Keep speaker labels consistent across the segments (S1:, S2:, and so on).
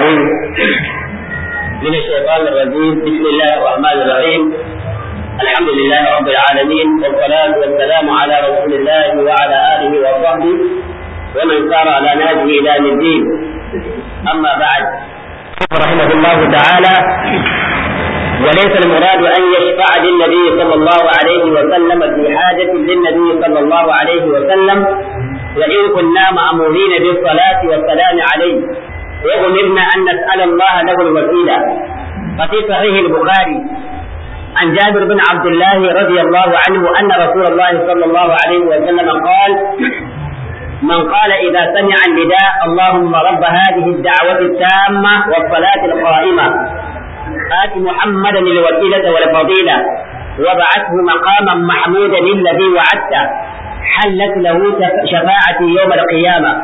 S1: العليم من الشيطان الرجيم بسم الله الرحمن الرحيم
S2: الحمد لله رب العالمين والصلاة والسلام على رسول الله وعلى آله وصحبه ومن سار على نهجه إلى الدين أما بعد
S1: رحمه الله تعالى وليس المراد أن يشفع للنبي صلى الله عليه
S2: وسلم في حاجة للنبي صلى الله عليه وسلم وإن كنا مأمورين بالصلاة والسلام عليه وأمرنا أن نسأل الله له الوسيلة وفي صحيح البخاري عن جابر بن عبد الله رضي الله عنه أن رسول الله صلى الله عليه وسلم قال من قال إذا سمع النداء اللهم رب هذه الدعوة التامة والصلاة القائمة آت محمدا الوسيلة والفضيلة وبعثه مقاما محمودا الذي وعدته حلت له شفاعتي يوم القيامة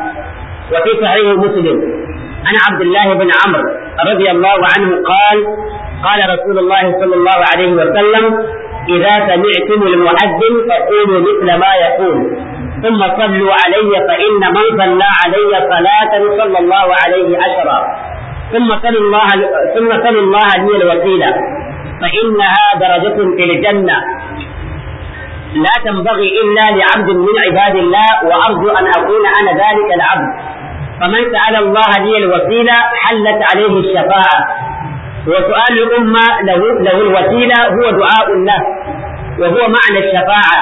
S2: وفي صحيح مسلم عن عبد الله بن عمرو رضي الله عنه قال قال رسول الله صلى الله عليه وسلم إذا سمعتم المؤذن فقولوا مثل ما يقول ثم صلوا علي فإن من صلى علي صلاة صلى الله عليه عشرا ثم صلوا الله ثم صلوا الله لي الوسيلة فإنها درجة في الجنة لا تنبغي إلا لعبد من عباد الله وأرجو أن أكون أنا ذلك العبد فمن سأل الله لي الوسيلة حلت عليه الشفاعة وسؤال الأمة له, له الوسيلة هو دعاء له وهو معنى الشفاعة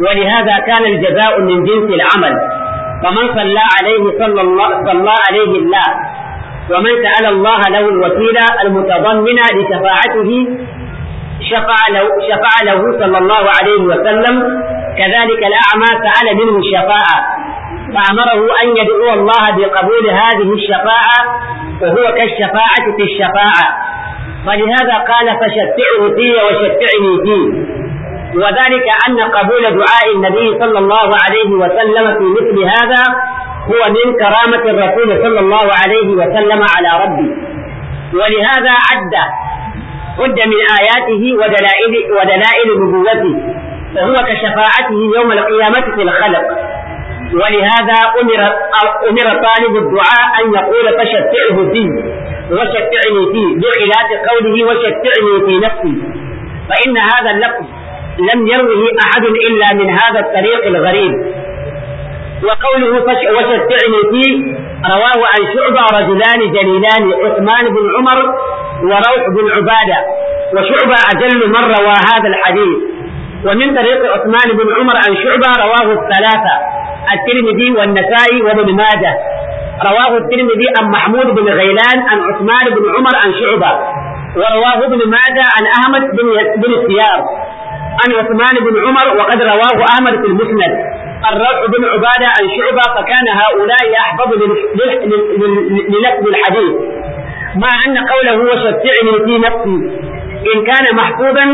S2: ولهذا كان الجزاء من جنس العمل فمن صلى عليه صلى الله, صلى عليه الله ومن سأل الله له الوسيلة المتضمنة لشفاعته شفع له, شفع له صلى الله عليه وسلم كذلك الأعمى سأل منه الشفاعة فأمره أن يدعو الله بقبول هذه الشفاعة وهو كالشفاعة في الشفاعة فلهذا قال فشفعه في وشفعني فيه وذلك أن قبول دعاء النبي صلى الله عليه وسلم في مثل هذا هو من كرامة الرسول صلى الله عليه وسلم على ربه ولهذا عد عد من آياته ودلائل ودلائل نبوته فهو كشفاعته يوم القيامة في الخلق ولهذا أمر أمر طالب الدعاء أن يقول فشتعه فيه وشتعني فيه بخلاف قوله وشتعني في نفسي فإن هذا اللفظ لم يروه أحد إلا من هذا الطريق الغريب وقوله وشتعني فيه رواه عن شعبة رجلان جليلان عثمان بن عمر وروح بن عبادة وشعبة أجل من روى هذا الحديث ومن طريق عثمان بن عمر عن شعبة رواه الثلاثة الترمذي والنسائي وابن ماجه رواه الترمذي عن محمود بن غيلان عن عثمان بن عمر عن شعبة ورواه ابن ماجه عن أحمد بن بن السيار عن عثمان بن عمر وقد رواه أحمد في المسند الرفع بن عبادة عن شعبة فكان هؤلاء أحفظ لنسب الحديث مع أن قوله وشفعني في نفسي إن كان محفوظا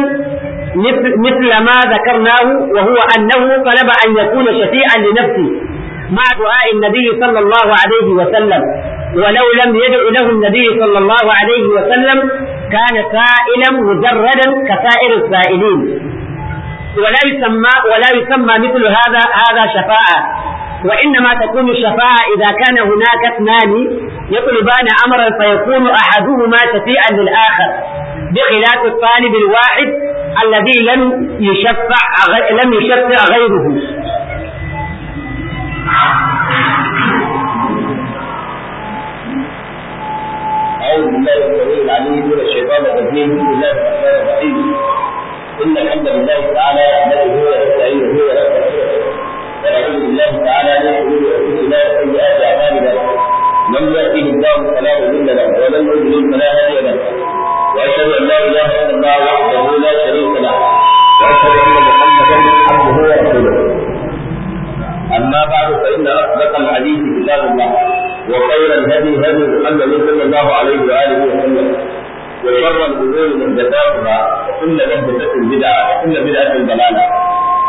S2: مثل, مثل ما ذكرناه وهو أنه طلب أن يكون شفيعا لنفسه مع دعاء النبي صلى الله عليه وسلم ولو لم يدع له النبي صلى الله عليه وسلم كان سائلا مجردا كسائر السائلين ولا يسمى ولا يسمى مثل هذا هذا شفاعة وإنما تكون الشفاعة إذا كان هناك اثنان يطلبان أمرا فيكون أحدهما شفيعا للآخر بخلاف الطالب الواحد الذي لم يشفع لم يشفع غيره
S1: أعوذ بالله العليم من الشيطان الرجيم بسم الله الرحمن الرحيم إن الحمد لله تعالى هو ونستعينه هو ونعوذ بالله تعالى من شرور انفسنا وسيئات اعمالنا من يأتيه الله فلا مضل له ومن يضلل فلا هادي له واشهد ان لا اله الا الله وحده لا شريك له واشهد ان محمدا عبده ورسوله اما بعد فان اصدق الحديث كتاب الله وخير الهدي هدي محمد صلى الله عليه واله وسلم وشر الامور محدثاتها وكل محدثه بدعه وكل بدعه ضلاله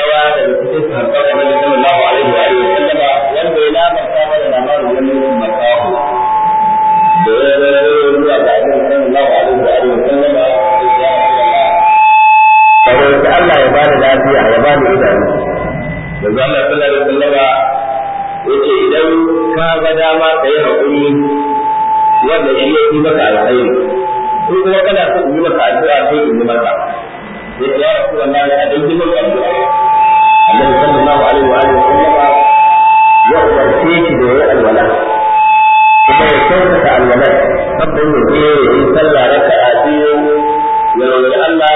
S1: daya daga cikin sahabban Annabi sallallahu alaihi wa alihi sallama wanda ya labarta mana labarin wani makaho da ya zama zo zuwa ga Annabi sallallahu alaihi wa alihi sallama saboda Allah ya bada lafiya ya bada idanu da zalla sallallahu alaihi wa sallama yace idan ka ga dama ka yi haƙuri wanda shi ya yi maka alkhairi ko kuma kana so in yi maka addu'a sai in yi maka yace ya rasu wallahi a dai yi maka addu'a annabi sallallahu alaihi wa alihi wasallam ya umarce shi da yayi alwala kuma ya kyautata alwala sabbin ya je ya yi sallah raka'a biyu ya roƙi Allah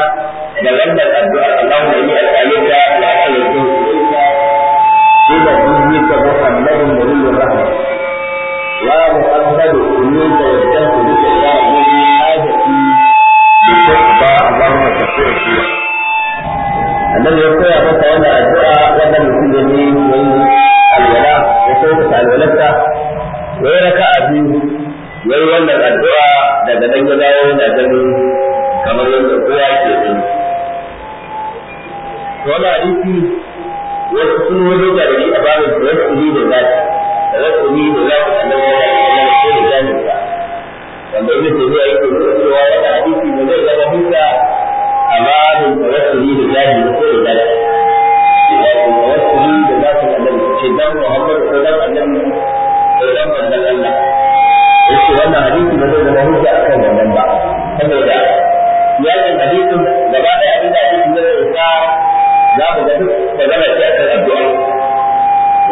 S1: da wannan addu'a Allahumma inni as'aluka wa as'aluka إلى دينك محمد نبي الرحمة يا محمد إني توجهت بك إلى حاجتي لتقضى اللهم تقضي فيها annabi ya koya masa wannan addu'a wannan mutum ya yi yayi alwala ya koya alwalarsa ya yi raka a biyu ya yi wannan addu'a daga nan ya dawo yana gani kamar yadda kowa ke gani wala hadisi wasu sun wajen jarumi a babin da wasu ne da za su da wasu ne da za zafi annabi ya yi ko da jami'a wanda ibn taymiya yake cewa wannan hadisi ne zai zama hujja ce da wasu da za su annabi ce dan Muhammad ko dan annabi ko dan manzon Allah yace wannan hadisi ba zai zama hujja akan wannan ba saboda yakin hadisin gaba daya abin da ake cikin da za ku ga duk magana ce akan addu'a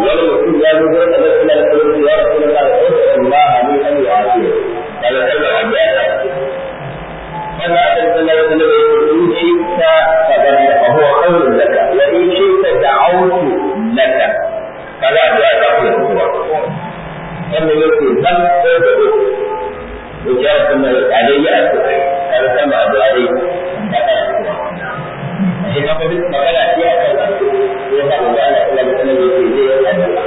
S1: wani mutum ya zo gurin Allah sallallahu da wasallam ko ya ce kada kada addu'a ta wannan Allah ya ce ta ذلك فهو خير لك وإن شئت دعوت لك فلا تأتقل الكفر أما يقول بل تدعو وجاءت ما علي أتقل قال سمع علي Jadi apa itu makalah dia adalah dia tak boleh anak dalam sana dia dia adalah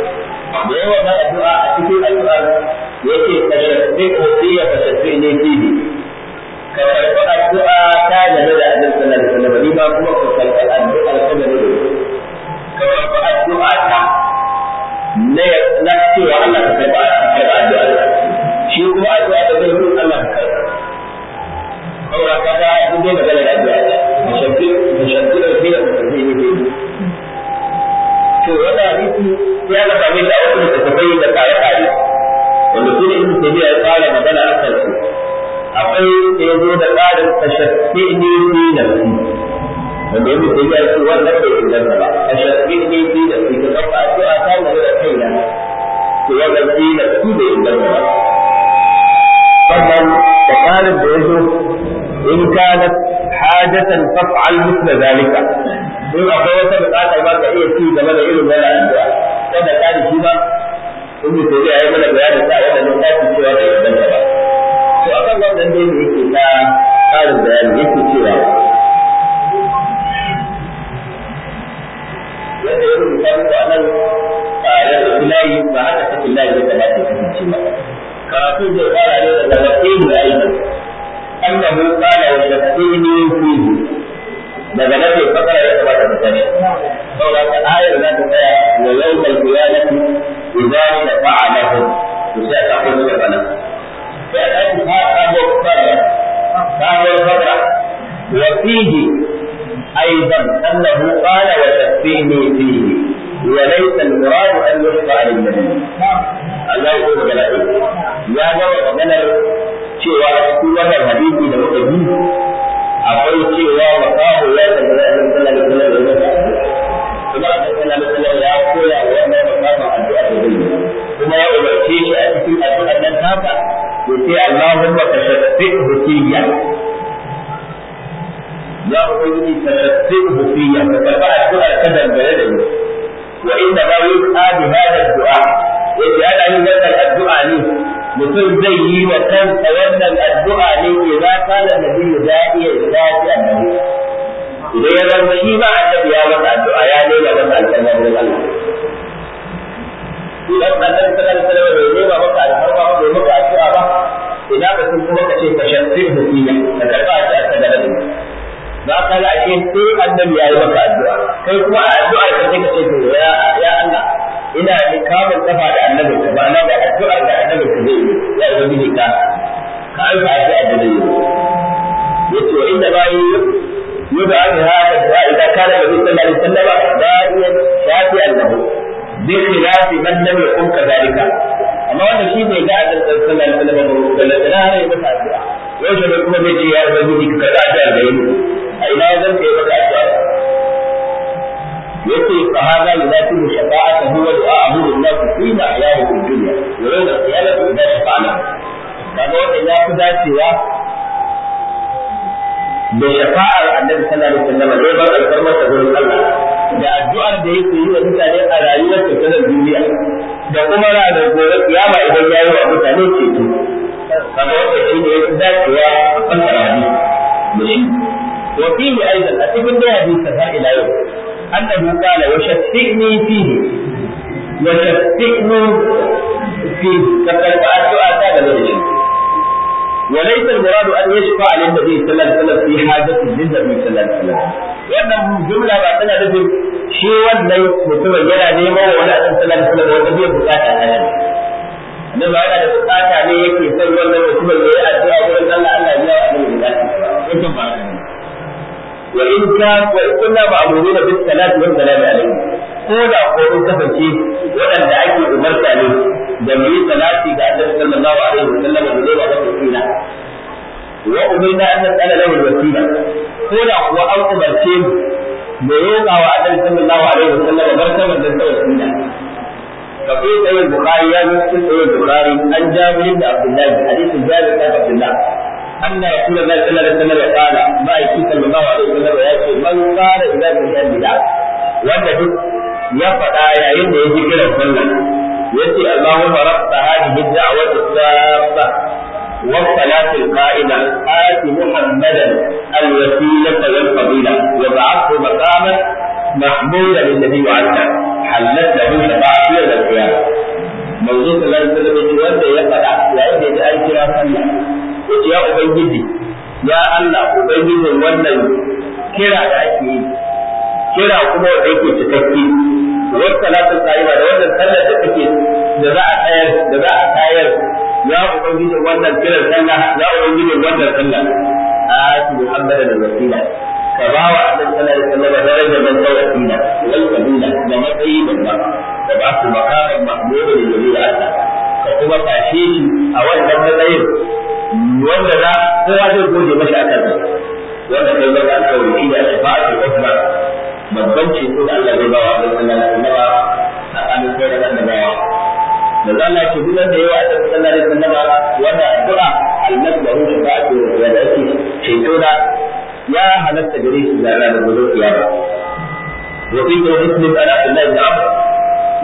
S1: dia wala doa itu adalah dia tasyaffi dia tasyaffi ini dia kalau doa ta da sallallahu alaihi wasallam ni ba kuma ku kalli addu'a alƙabar ne kawai ku addu'a ta ne na cewa Allah ka kai ba ka kai addu'a shi kuma addu'a da zai yi Allah ka kai saboda ka ga duk dai magana da addu'a ta mushabbir mushabbir fi da mushabbir to wanda hadisi ya na a wasu da tafai da kare kare wanda su ne ibn ya fara magana a kansu akwai da ya zo da tsarin tashafi ne fi nafsi wanda ya mutu ya ce wannan bai inganta ba tashafi ne fi nafsi ka ɗauka a cewa ta nuna da kaina to wannan fi nafsi bai inganta ba sannan da tsarin da ya zo in kanat hajatan faf'al mithla zalika in akwai wata bukata ba ka iya ci game da irin wannan addu'a kada ka ji shi ba in mutu ya yi mana bayanin sa wannan ta ci cewa bai inganta ba to a kan wannan dai da yake ta ƙarin bayani yake cewa yadda ya rubuta muku a nan a yadda filayi ba haka ta filayi ya kamata ya kasance ba karatu zai fara ne daga wakilu da aiki annahu qala wa shaqini fihi daga nan sai fakara ya kamata ta tashi saboda ta ayar za ta tsaya wa yawmal qiyamati idza shafa'alahum to sai ta kuma shafa'alahum sai a yi ta sabuwar sallah sabuwar sallah wa fihi aidan annahu qala wa tasbihu fihi wa laysa al-murad an yusfa Allah ya kuma galaɗe ya gama maganar
S2: cewa cikin wannan da muka
S1: akwai cewa makaho ya tambaya da sallah da sallah da sallah kuma a cikin alƙalar ya koya wa wannan musamman addu'a da kuma umarce shi a cikin addu'ar nan ya ce Allahumma ka shafi hukiyya ya ubangiji ka shafi hukiyya ka karɓi addu'ar ta dangane da ni wa inda ba yi tsadi hada du'a ya ce ana yin wannan addu'a ne mutum zai yi wa kansa wannan addu'a ne ke za ka da nabi ya iya ya ci annabi idan ya zama shi ba annabi ya masa addu'a ya daina masa alƙalmar Allah idan da annabi sallallahu alaihi wasallam bai nema maka alfarma ba bai maka addu'a ba ina ba sun kuma kace ka shartin da shi ka karba shi da nabi ba ka ga ake sai annabi yayi maka addu'a kai kuma a addu'a ka ce ka ya ya Allah ina da kamun kafa da annabi ka ba na da addu'a da annabi ka zai ya ubangiji ka ka aika addu'a da zai yace inda bayi يدعى بهذا الدعاء da كان da صلى الله ba وسلم داعيا شافعا له bi khilafi man lam yakun kadhalika amma wanda shi bai ga da sallallahu alaihi wasallam da ladana har ya masa addu'a yau shi kuma bai ya ubangiji ka kaza ta da yau a ina zan kai maka addu'a yace fa hada yudatu shafa'ata huwa du'a'uhu lillah fi ma ayahu fid dunya wa yawm al-qiyamah ya fi dacewa da shafa'ar annabi sallallahu alaihi wasallam da ya bar gurin Allah da addu'ar da yake yi wa mutane a rayuwar ta ta duniya da kuma ra da gobe kiyama idan yayi wa mutane ceto kaga wannan shi ne yake dacewa a fassara hadisi mushi wa fihi aidan a cikin da hadisi har ila yau annahu qala wa shafi'ni fihi wa shafi'ni fihi addu'a ta da shi وليس المراد ان يشفع للنبي صلى الله عليه وسلم في حاجه للنبي صلى الله عليه وسلم wannan jumla ba tana da shi wannan mutumin yana neman wani a cikin sallallahu alaihi wanda bai bukata a nan annabi ba yana da bukata ne yake san wannan mutumin ya yi addu'a wurin Allah Allah ya biya wa bukata wa in ka wa kunna bis wa salam ko da ko sun kasance waɗanda ake umarta ne da mu yi salati ga Allah sallallahu alaihi wa sallam da zai ba da sina wa umirna an tsala lahu al-wasila ko da kuwa an umarce mu da roƙa wa Allah sallallahu alaihi wa wasallam martaban da sai wasila ففي سيد البخاري يا مسلم سيد البخاري عن جابر بن da الله حديث جابر بن عبد الله أن رسول الله صلى الله عليه وسلم قال ما يكفي صلى الله عليه وسلم يأتي من قال إذا كنت wanda duk ya faɗa yayin da ya ji kiran sallah yace Allahumma rabb hadhihi ad-da'wati as-saffa والصلاة القائمة آت محمدا الوسيلة والفضيلة وبعثه مقاما محمودا الذي وعدته حلت له شفاعة يوم القيامة manzo sallallahu alaihi wasallam wanda ya faɗa yayin da ya kira sallah yace ya ubangiji ya Allah ubangijin wannan kira da ake yi kira kuma wanda yake cikakke wata salatun sa'iba da wannan sallar da take da za a tsayar da za a tsayar ya ubangiji wannan kiran sallah ya ubangiji wannan sallah a su muhammad da wasila ka ba wa annabi sallallahu alaihi wasallam da man tawaki da alkabila da matsayi da ba da ba su makaman da yuri Allah ka kuma tashi a wannan matsayin wanda za kowa zai goje masa akan wanda kai ba ka tawaki da shafa'a ko kuma babban ceto da Allah zai bawa da sallallahu alaihi wasallam a kanin kai da annabawa manzo Allah ya ce duk wanda yayi wa annabi sallallahu alaihi wanda addu'a da ake ceto da ya halatta gare shi da ranar gobe kiyama wa fi muslim ala Abdullah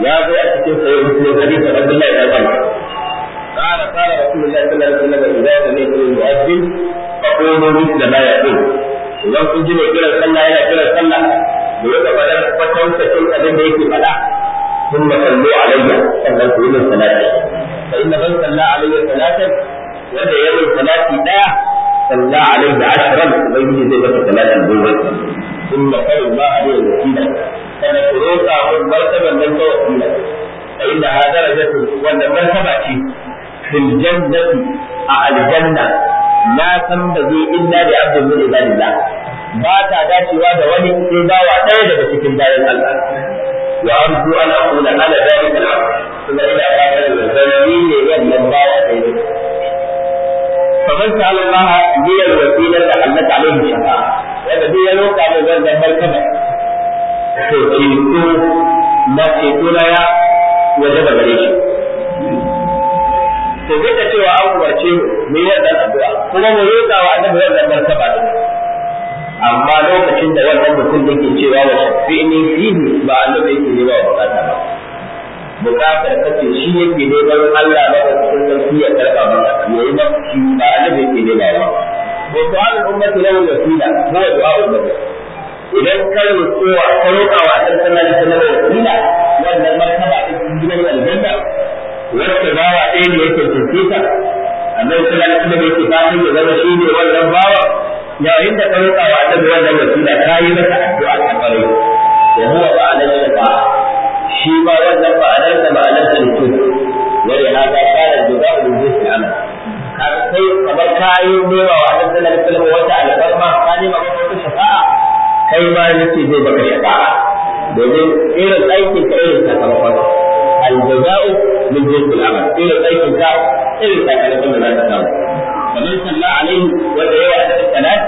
S1: ya zo a cikin sahih muslim hadisi Abdullah ibn Amr قال قال رسول الله صلى الله عليه وسلم اذا سمعتم المؤذن فقولوا مثل ما يقول idan kun ji mai kiran sallah yana kiran sallah da ya gaba da kwatankacin abin da yake faɗa ثم صلوا علي sannan ku yi min salati fa inna man salla alayya salatan wanda ya yi salati daya salla alayhi ashran yi zai masa salatin goma ثم قالوا ما عليه وكيلا sannan ku roƙa mun martaban nan ta wakila fa inna hadara jatu wanda martaba ce fil jannati a aljanna Na san da zai illa da abdin min ibadillah ba ta dacewa da wani sai bawa ɗaya daga cikin bayan Allah wa arju an aqula ala dhalika al-amr kuma ina fatan da zanni ne wannan bawa ɗaya faman ta'ala Allah bi al-wasila da Allah alaihi shafa'a wanda duk ya roƙa mai zanzan barkama to ceto na ceto na ya wajaba gare shi to rika cewa an umarce mu mu yi wannan addu'a kuma mu roƙa wa annabi wannan martaba din amma lokacin da wannan mutum yake cewa wa shafi'ni fihi ba annabi yake nema wa bukata ba bukatar kace shi yake neman Allah ba da cikin sarki ya karba masa yayi ba shi ba annabi yake nema ba wa su'al ummati lahu wasila huwa du'a ummati idan ka roƙa ka roƙa wa annabi sallallahu alaihi wasallam wannan martaba din gidan aljanna wacce bawa ɗaya ne yake fifita annabi sallallahu alaihi da yake fatan da zama shi ne wannan bawa yayin da ka roƙa wa annabi wannan wasila ta yi masa addu'a ta ƙwarai wa huwa ba'ala shafa'a shi ba wannan ba ba'alar da ba'alar da mutum wani haka kana duba da zai amal ka sai kamar ka yi nema wa annabi sallallahu alaihi wasallam wata alfarma ka nema wata shafa'a kai ma yace zai baka shafa'a domin irin aikin ka irin sakamakon الجزاء من جنس العمل إلى البيت بتاعه إلى الساكنة من ذات الدولة فمن صلى عليه والعياء الثلاث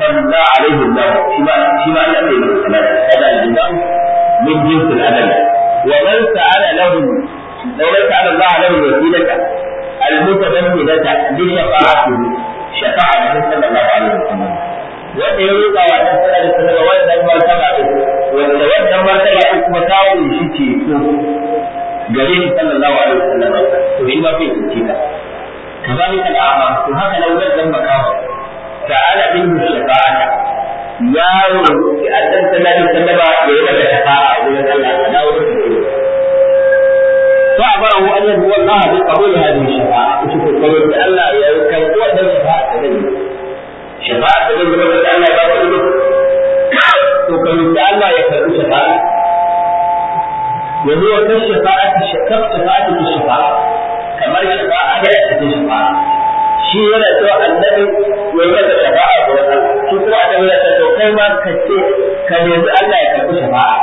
S1: صلى عليه الله فيما فيما لا من الثلاث هذا الجزاء من جنس العمل ومن فعل له ومن فعل الله له الوسيله المتمثلة بشفاعته شفاعة صلى الله عليه وسلم wanda ya roƙa wa annabi sallallahu alaihi wasallam wannan martaba din wanda wannan martaba din kuma ta shi ce to gare shi sallallahu alaihi wasallam to in ma bai kunshi ta كذلك الأعمى وهكذا لو لم مكانه فعلى منه الشفاعة يا رب أنت صلى الله عليه وسلم يقول الشفاعة ولا لا فأمره أن يدعو الله بقبول هذه الشفاعة وشكر قبول أن لا هو الشفاعة shafa'a ta zama da Allah ya ba ku ido to ka roƙi Allah ya karɓi shafa'a yanzu wata shafa'a ta shafa'a shafa'a ta shafa'a kamar shafa'a da ya ta shafa'a shi yana cewa annabi ya yi da shafa'a ga wata shi kuma annabi ya ce to kai ma ka ce ka yanzu Allah ya karɓi shafa'a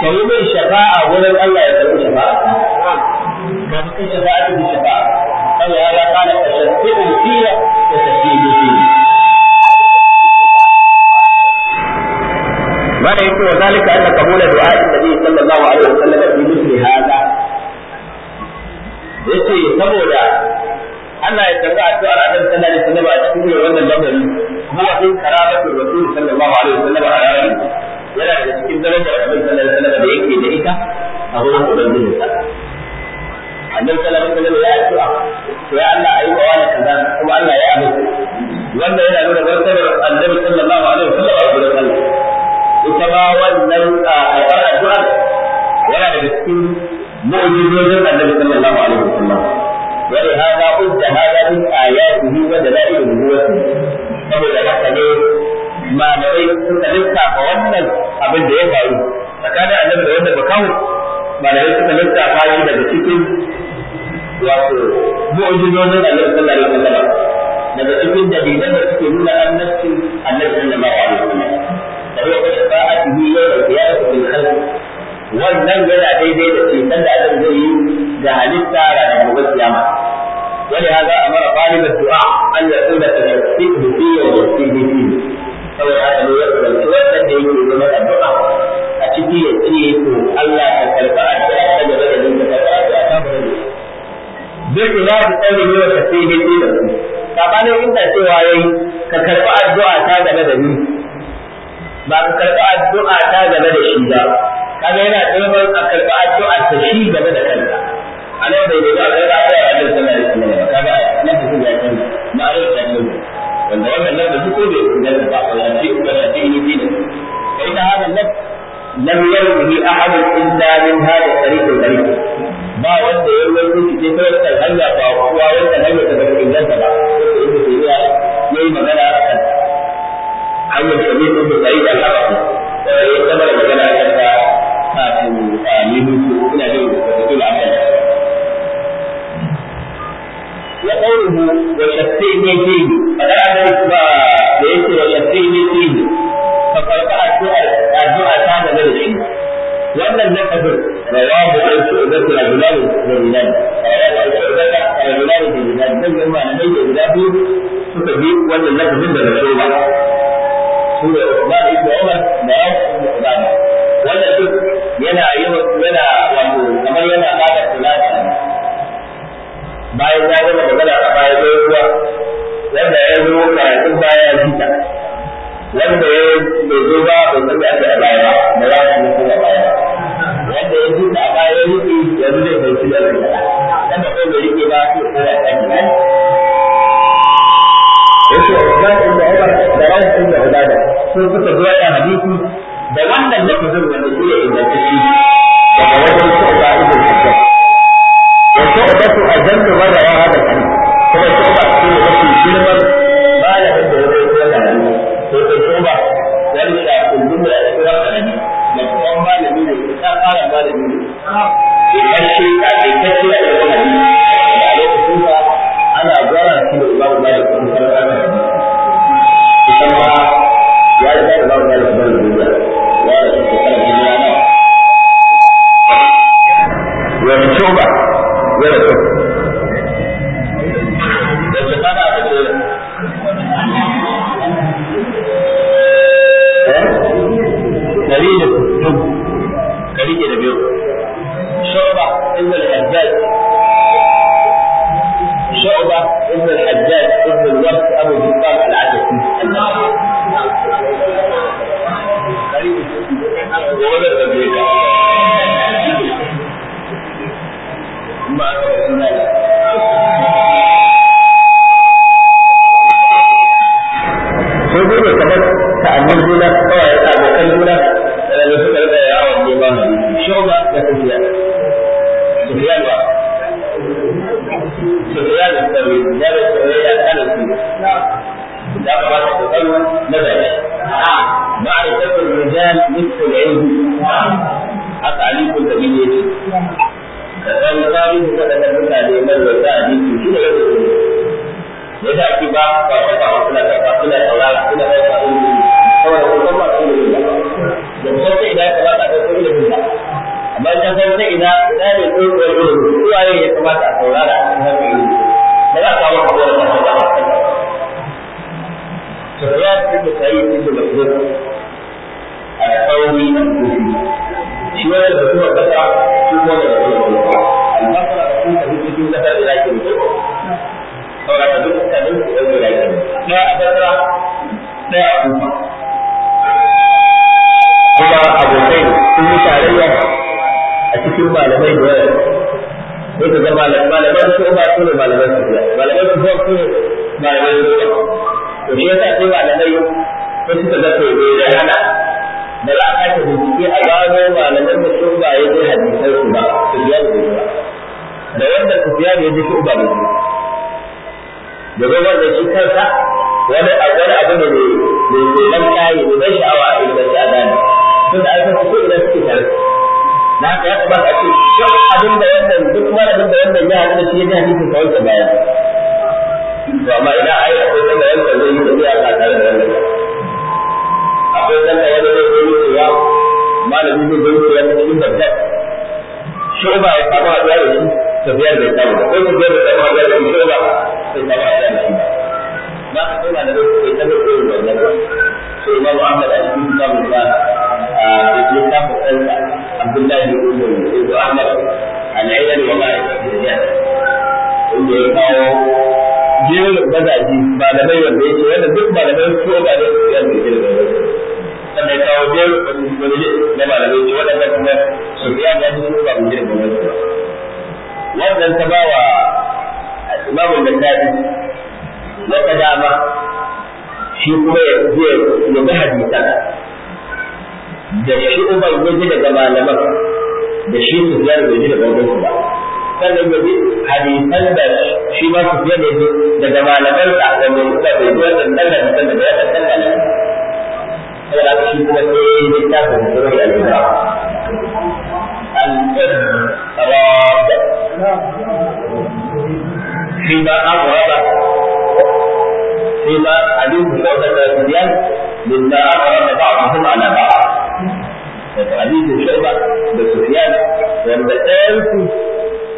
S1: ka yi min shafa'a wurin Allah ya karɓi shafa'a ka fi kai shafa'a ta shafa'a Allah ya ba ka na ƙarshen sai ku fiye da tafiye da fiye ما يكون ذلك أن قبول دعاء النبي صلى الله عليه وسلم في مثل هذا yace saboda Allah ya tafi addu'ar Annabi sallallahu alaihi wasallam a cikin wannan lamari kuma sai karabatu Rasul sallallahu alaihi wasallam a yana da cikin darajar Annabi sallallahu alaihi wasallam da yake da ita a wurin Ubangiji sa Annabi sallallahu alaihi wasallam ya addu'a to ya Allah ayi wa wani kaza Allah ya amince wanda yana nuna martabar Annabi sallallahu alaihi wasallam a gurin Allah kuma wannan karɓar addu'ar yana daga cikin mu'jizojin annabi sallallahu alaihi wasallam wani hada udda hada min ayatihi wa dalail nubuwati saboda haka ne malamai suka lissafa wannan abin da ya faru tsakanin annabi da wanda bakawo malamai suka lissafa shi daga cikin wato mu'jizojin annabi sallallahu alaihi wasallam daga cikin dalilan da suke nuna annabcin annabi sallallahu alaihi wasallam ya طاعته يوم القيامة في الخلق wannan yana daidai da ceton da Allah zai yi ga halitta ranar gobe kiyama wani a amara qalib du'a an ya tsunda ta tasbihu fi yawm al shi saboda haka ne ya tsanci wannan da yake zama addu'a a ciki ya ce to Allah ka karba addu'a ta gaba da ninka ka karba ta gaba duk ila ku tsare ne wa tasbihu fi yawm al-qiyamah sabanin inda cewa yayi ka karba addu'a ta ga da ninka ba ka karɓi addu'a ta game da shi ba kaga yana tsoron a karɓi addu'a ta shi game da kanka a nan bai zuwa kai ba ta yadda sama da sama da kaga nan ta zuwa kan ma'anar ta zuwa wanda wannan nan da duk bai da ba ko ya ce ko ya ce ni ne kai ta hada nan lam yarhi ahad illa min hada tariq al-tariq ba wanda ya yi wani shi sai ta hanya ba kuwa wanda hanya ta da inganta ba sai ya yi magana bin Shabir ibn Sa'id al-Habashi eh, ya tabar magana kan ta kafin ah, ne mutu ina jin rasul akan ya qawluhu wa shafi'ni fihi fala adrik ba da yake wa shafi'ni fihi fa farqa addu'a ta da zai wannan lafazin rawahu an su'udatu rajulan min bilad rawahu an su'udatu rajulan min bilad dan yamma na dai da biyu suka bi wannan lafazin da rasul
S2: ko da Umar ibn Umar da ya ibn Umar
S1: wannan duk yana yi yana wato kamar yana bada kulata bayan ya gama magana a baya zai zuwa wanda ya zo karatun baya jita wanda ya bai zo ba bai san da ake a baya ba za su mutu a baya wanda ya jita a baya ya rike yanzu zai bai shi da rike wanda ko bai rike ba sai ko ya tsaki ba yake Usman ibn Umar da Rauf ibn Ubadah ko suka zuwa ya hadisi da wannan lafazin wanda shi ne ingantacce daga wajen shu'ba ibn hajjaj wa shu'batu ajallu marra ya hada kan kuma shu'ba shi ne mafi girman malamin da ya zo ya da ta to da shu'ba wani da kullum da ya kira da kuma malami ne ya fara malami ne shi kan الرجال وغائب الرجال inda ya kawo mazaji ba da mai wanda duk ba da mai ko ba da ya wani sannan ya kawo jiyar mazaji na ba da mai ce waɗanda kuma su shi ba wani wannan ta ba wa imamun da wata dama shi kuma ya je ya ga hadisa da shi uban ya daga malaman da shi su biyar da daga wajen ba sannan ya bi hadisan da shi ma su fiye da su daga malaman sa da mai kuma bai zuwa sannan da mutum da ya sannan da ya saboda haka shi kuma sai littafin da zai al'umma al-irrab shi ma aqraba
S2: shi ma hadisi ko da tabiyan mimma aqraba ba'dhum ala ba'd da hadisin
S1: shaiba da sufiyan wanda ɗayan su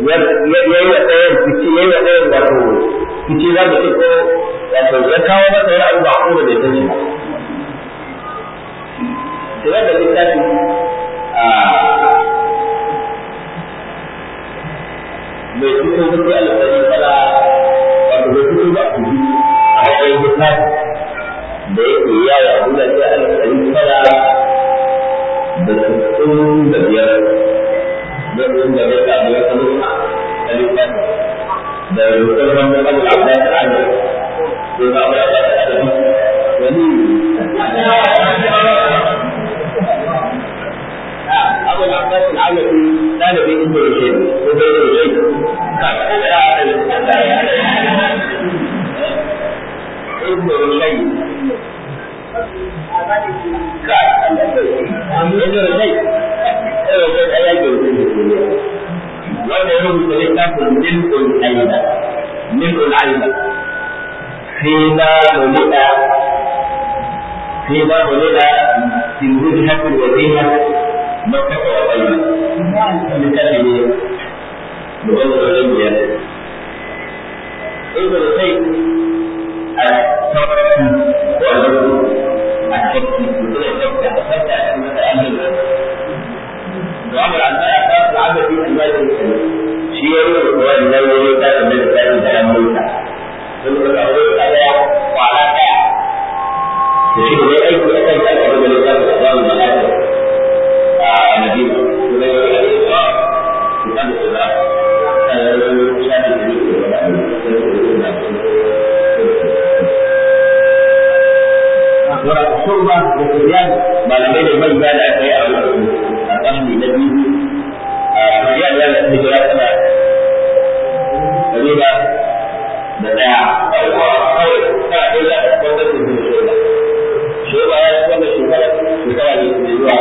S1: ya yi wa ɗayan fice ya yi wa ɗayan wato fice za mu ko wato ya kawo masa wani abu ba ko da bai sani ba da wanda littafi mai fito zafi a fara wato mai fito ba ku bi a matsayin littafi da yake yawa a duniya sai fara da sassun da biyar da sassun da biyar da biyar ayyukan da rukun wanda kan Allah ya ta'ala ko da Allah ya ta'ala wani da العباس العلوي قال بإنه شيء وبينه شيء ابنه شيء ابنه شيء ابنه شيء wanda ya rubuta littafin milkul aiba milkul aiba فيما ولد فيما ولد في وجهة وجهة مكة وغيرها لكلمة لغة العلمية ابن الخير الشرطي والعلوم الشرطي وكل الشرطي حتى أهل العلم وعمل عن abadi almajin musulmi shi ya yi ta da mai da da mulka sun da kwana da shi aiki a kan da ya da zamu malaka a annabi ne ya yi da shi kan da za ta yi shi da da da na biyu ya da yana cikin jira tana riba da daya kawai ta ɗaya za ta su zuwa shi shoba ya kwanta shekara shekara ne su zuwa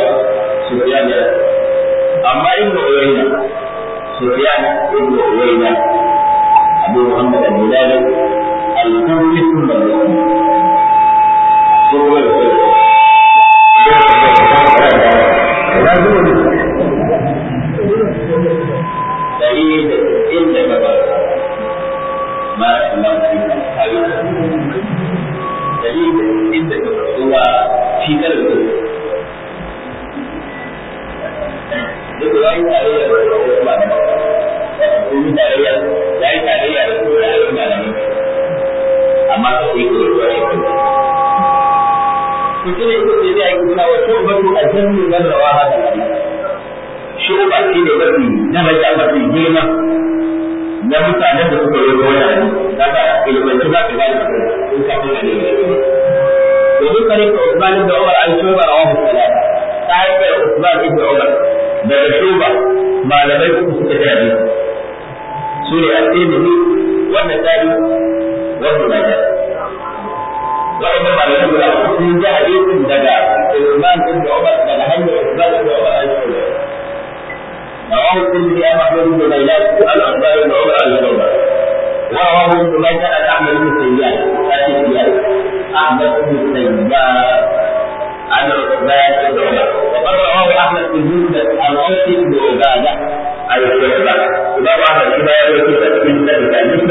S1: suriyan ya amma inda oyoyi na suriyan inda oyoyi na abu muhammad al-milali al sun da musulmi sun kuma da sauran sallallahu alaihi wa sallam dalilin inda ka shi da da da da da da yi da yi ne mafi na mafi girma na mutanen da suka yi wannan kaga ilmantu za ka gane in ka kuma ne domin kare ka Usman ibn Umar an shuba rawahu salata ta yi kai Usman ibn Umar daga shuba malamai uku suka ji hadisi su ne at-Tirmidhi wannan tari wannan najah wa'inda malamai guda uku sun ji hadisin daga Usman ibn Umar daga hanyar Usman ibn Umar an shuba رواه الترمذي عن محمود بن غيلان عن عبد الله بن عمر عن ورواه ابن ماجه عن احمد بن سيار احمد بن سيار عن عباد بن عمر وقد رواه احمد بن مسلم عن اوس بن عباده عن الشعبه وقال احمد بن عباده بن مسلم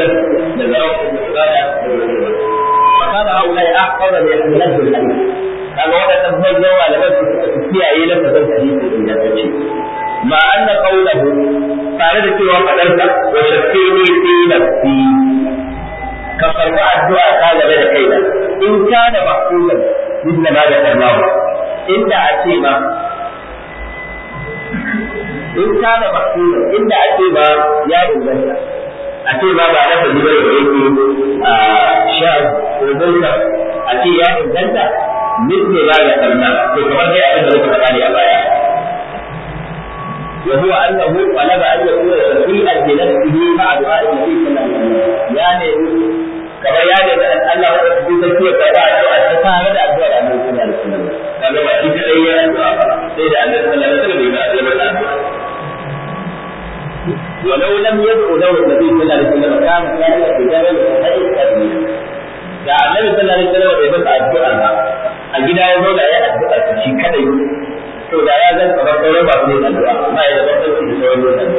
S1: بن عوف بن عباده وكان هؤلاء احفظ ليحمله الحديث كان وقت تبين على نفسه تسميه لفظ الحديث في مع ان قوله tare da cewa fadarsa wa shakkini fi nafsi ka karɓi addu'a ta gaba da kaina in kana mahfuzan mithla ma da karnahu inda a ce ma in da mahfuzan inda a ce ma ya inganta a ce ma ba na fadi bane da yake a sha ko dauka a ce ya inganta mithla ma da karnahu to kamar dai abin da muka faɗa a baya وهو أنه طلب أن يكون في أجلته مع دعاء النبي صلى الله عليه da Allah wa ta fi da addu'a ta da addu'a da Annabi da Annabi da sai da Annabi a gida ya zo da ya addu'a kadai to da ya zan kamar sauran ba su ne da ba ya zama da sauran lokacin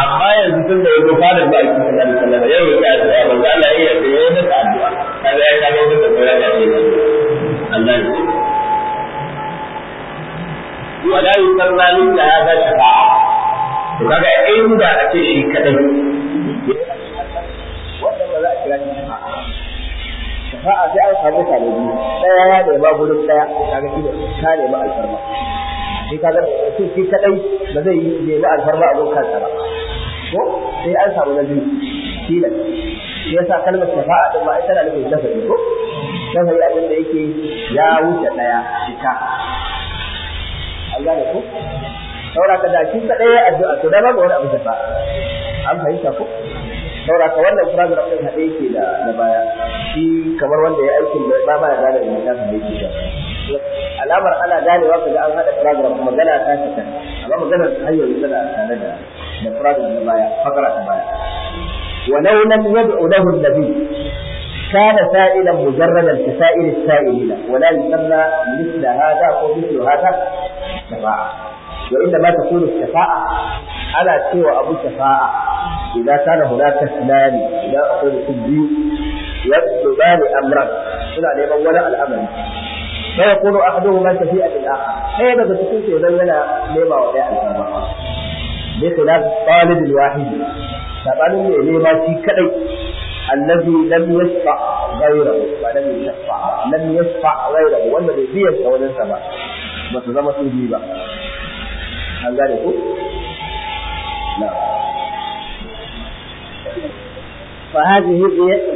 S1: amma yanzu tun da yanzu fadar ba a cikin yau ya addu'a ba za a iya yi ya masa addu'a da ya kaga wanda sauran ya ce Allah ya ولا يسمى مثل هذا شفاعة وكذا إن ذا أتشي كذب wanda ba a kira shi shafa'a shafa'a sai an samu talibi ɗaya ya nema gurin ɗaya kaga shi ne ka nema alfarma shi kaga sai shi kadai ba zai yi bai ba alfarma a gun kansa ba ko sai an samu na biyu ne shi yasa kalmar shafa'a din ma tana nufin nafari ko nafari abin da yake ya wuce daya shika an gane ko saura ka da shi kadai addu'a to da ba wani abu da ba an fahimta ko saura ka wannan da kai hade yake da baya shi kamar wanda ya aikin da ba ba ya gane da mutanen da yake الامر على ذلك وقت ga هذا haɗa ربما magana ta ربما amma magana har yanzu tana tare فقرة da
S2: ولو لم يدع له النبي كان سائلا مجردا كسائر السائلين
S1: ولا يسمى مثل هذا او مثل هذا شفاعة وإنما تكون الشفاعة على سوى أبو الشفاعة إذا كان هناك اثنان إذا أقول في يكتبان أمرا هنا لمن ولا الأمر فيقول أحدهما شفيئة الآخر حين تكون في ذلنا لما وضع الأربعة بخلاف طالب الواحد فقال لي لما في كذي الذي لم يشفع غيره ولم يشفع لم يشفع غيره والذي بيشفع ولن سبع بس زي ما هل ذلك لا
S2: فهذه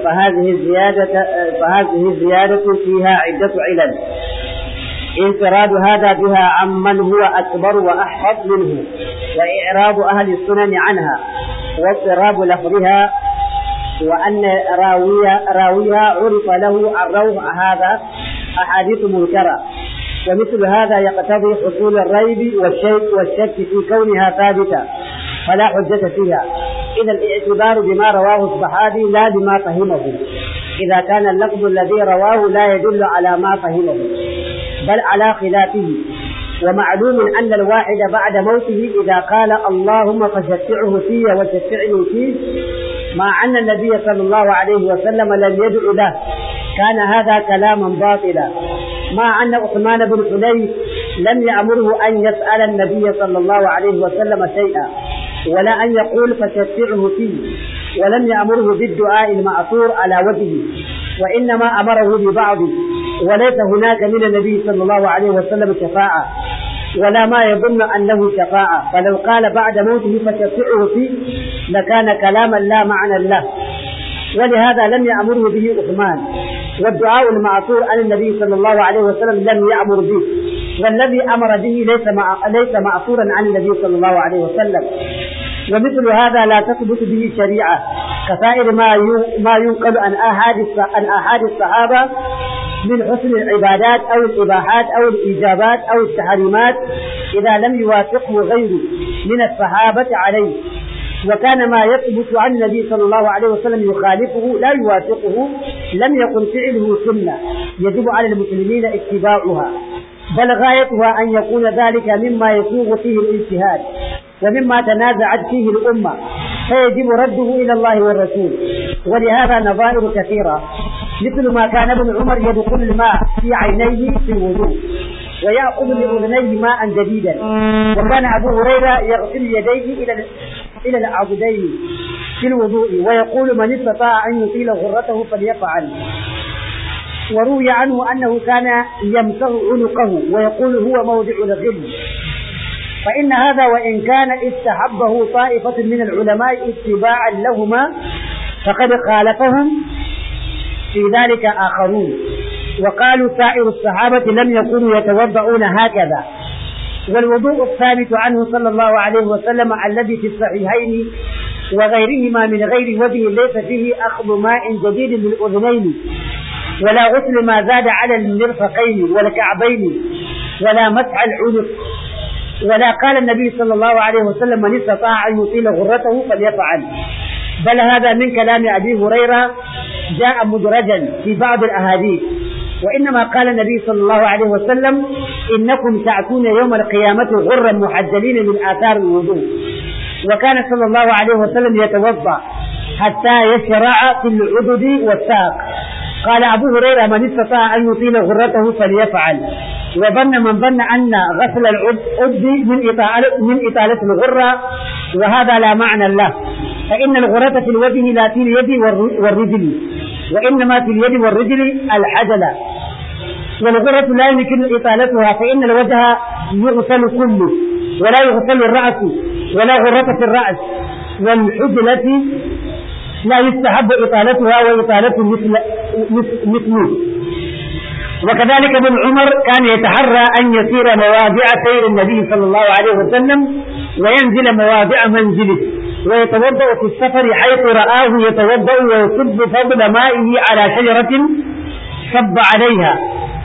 S2: فهذه الزيادة فهذه الزيادة فيها عدة علل انفراد هذا بها عمن هو أكبر وأحفظ منه وإعراب أهل السنن عنها واضطراب لفظها وأن راويها, راويها عرف له الروح روح هذا أحاديث منكرة ومثل هذا يقتضي حصول الريب والشك والشك في كونها ثابتة فلا حجة فيها إذا الاعتبار بما رواه الصحابي لا بما فهمه إذا كان اللفظ الذي رواه لا يدل على ما فهمه بل على خلافه ومعلوم أن الواحد بعد موته إذا قال اللهم فشفعه في وشفعني فيه مع أن النبي صلى الله عليه وسلم لم يدع له كان هذا كلاما باطلا مع أن عثمان بن حنيف لم يأمره أن يسأل النبي صلى الله عليه وسلم شيئا ولا أن يقول فشفعه فيه ولم يأمره بالدعاء المعصور على وجهه وإنما أمره ببعضه وليس هناك من النبي صلى الله عليه وسلم شفاعة ولا ما يظن أنه شفاعة فلو قال بعد موته فشفعه فيه لكان كلاما لا معنى له ولهذا لم يأمره به عثمان والدعاء المعصور عن النبي صلى الله عليه وسلم لم يأمر به والذي أمر به ليس مع... ليس معصورا عن النبي صلى الله عليه وسلم ومثل هذا لا تثبت به شريعة كسائر ما ما ينقل عن آحاد عن آحاد الصحابة من حسن العبادات أو الإباحات أو الإيجابات أو التحريمات إذا لم يوافقه غيره من الصحابة عليه وكان ما يثبت عن النبي صلى الله عليه وسلم يخالفه لا يوافقه لم يكن فعله سنة يجب على المسلمين اتباعها بل غايتها أن يكون ذلك مما يسوغ فيه الاجتهاد ومما تنازعت فيه الأمة فيجب رده إلى الله والرسول ولهذا نظائر كثيرة مثل ما كان ابن عمر يدخل الماء في عينيه في الوضوء ويأخذ لأذنيه ماء جديدا وكان أبو هريرة يغسل يديه إلى إلى العبدين في الوضوء ويقول من استطاع أن يطيل غرته فليفعل وروي عنه أنه كان يمسه عنقه ويقول هو موضع الغل فإن هذا وإن كان استحبه طائفة من العلماء اتباعا لهما فقد خالفهم في ذلك آخرون وقالوا سائر الصحابة لم يكونوا يتوضؤون هكذا والوضوء الثابت عنه صلى الله عليه وسلم الذي في الصحيحين وغيرهما من غير وجه ليس فيه أخذ ماء جديد للأذنين ولا غسل ما زاد على المرفقين والكعبين ولا متع العنق ولا قال النبي صلى الله عليه وسلم من استطاع أن يطيل غرته فليفعل بل هذا من كلام أبي هريرة جاء مدرجا في بعض الأحاديث وإنما قال النبي صلى الله عليه وسلم إنكم تأتون يوم القيامة غرا محجلين من آثار الوضوء وكان صلى الله عليه وسلم يتوضأ حتى يشرع في العدد والساق قال أبو هريرة من استطاع أن يطيل غرته فليفعل وظن من ظن أن غسل العبد من إطالة, من إطالة الغرة وهذا لا معنى له فإن الغرة في الوجه لا في اليد والرجل وإنما في اليد والرجل العجلة والغرة لا يمكن إطالتها فإن الوجه يغسل كله ولا يغسل الرأس ولا غرة في الرأس والحجلة لا يستحب إطالتها وإطالة مثل مثل وكذلك ابن عمر كان يتحرى أن يسير مواضع سير النبي صلى الله عليه وسلم وينزل مواضع منزله ويتوضأ في السفر حيث رآه يتوضأ ويصب فضل مائه على شجرة صب عليها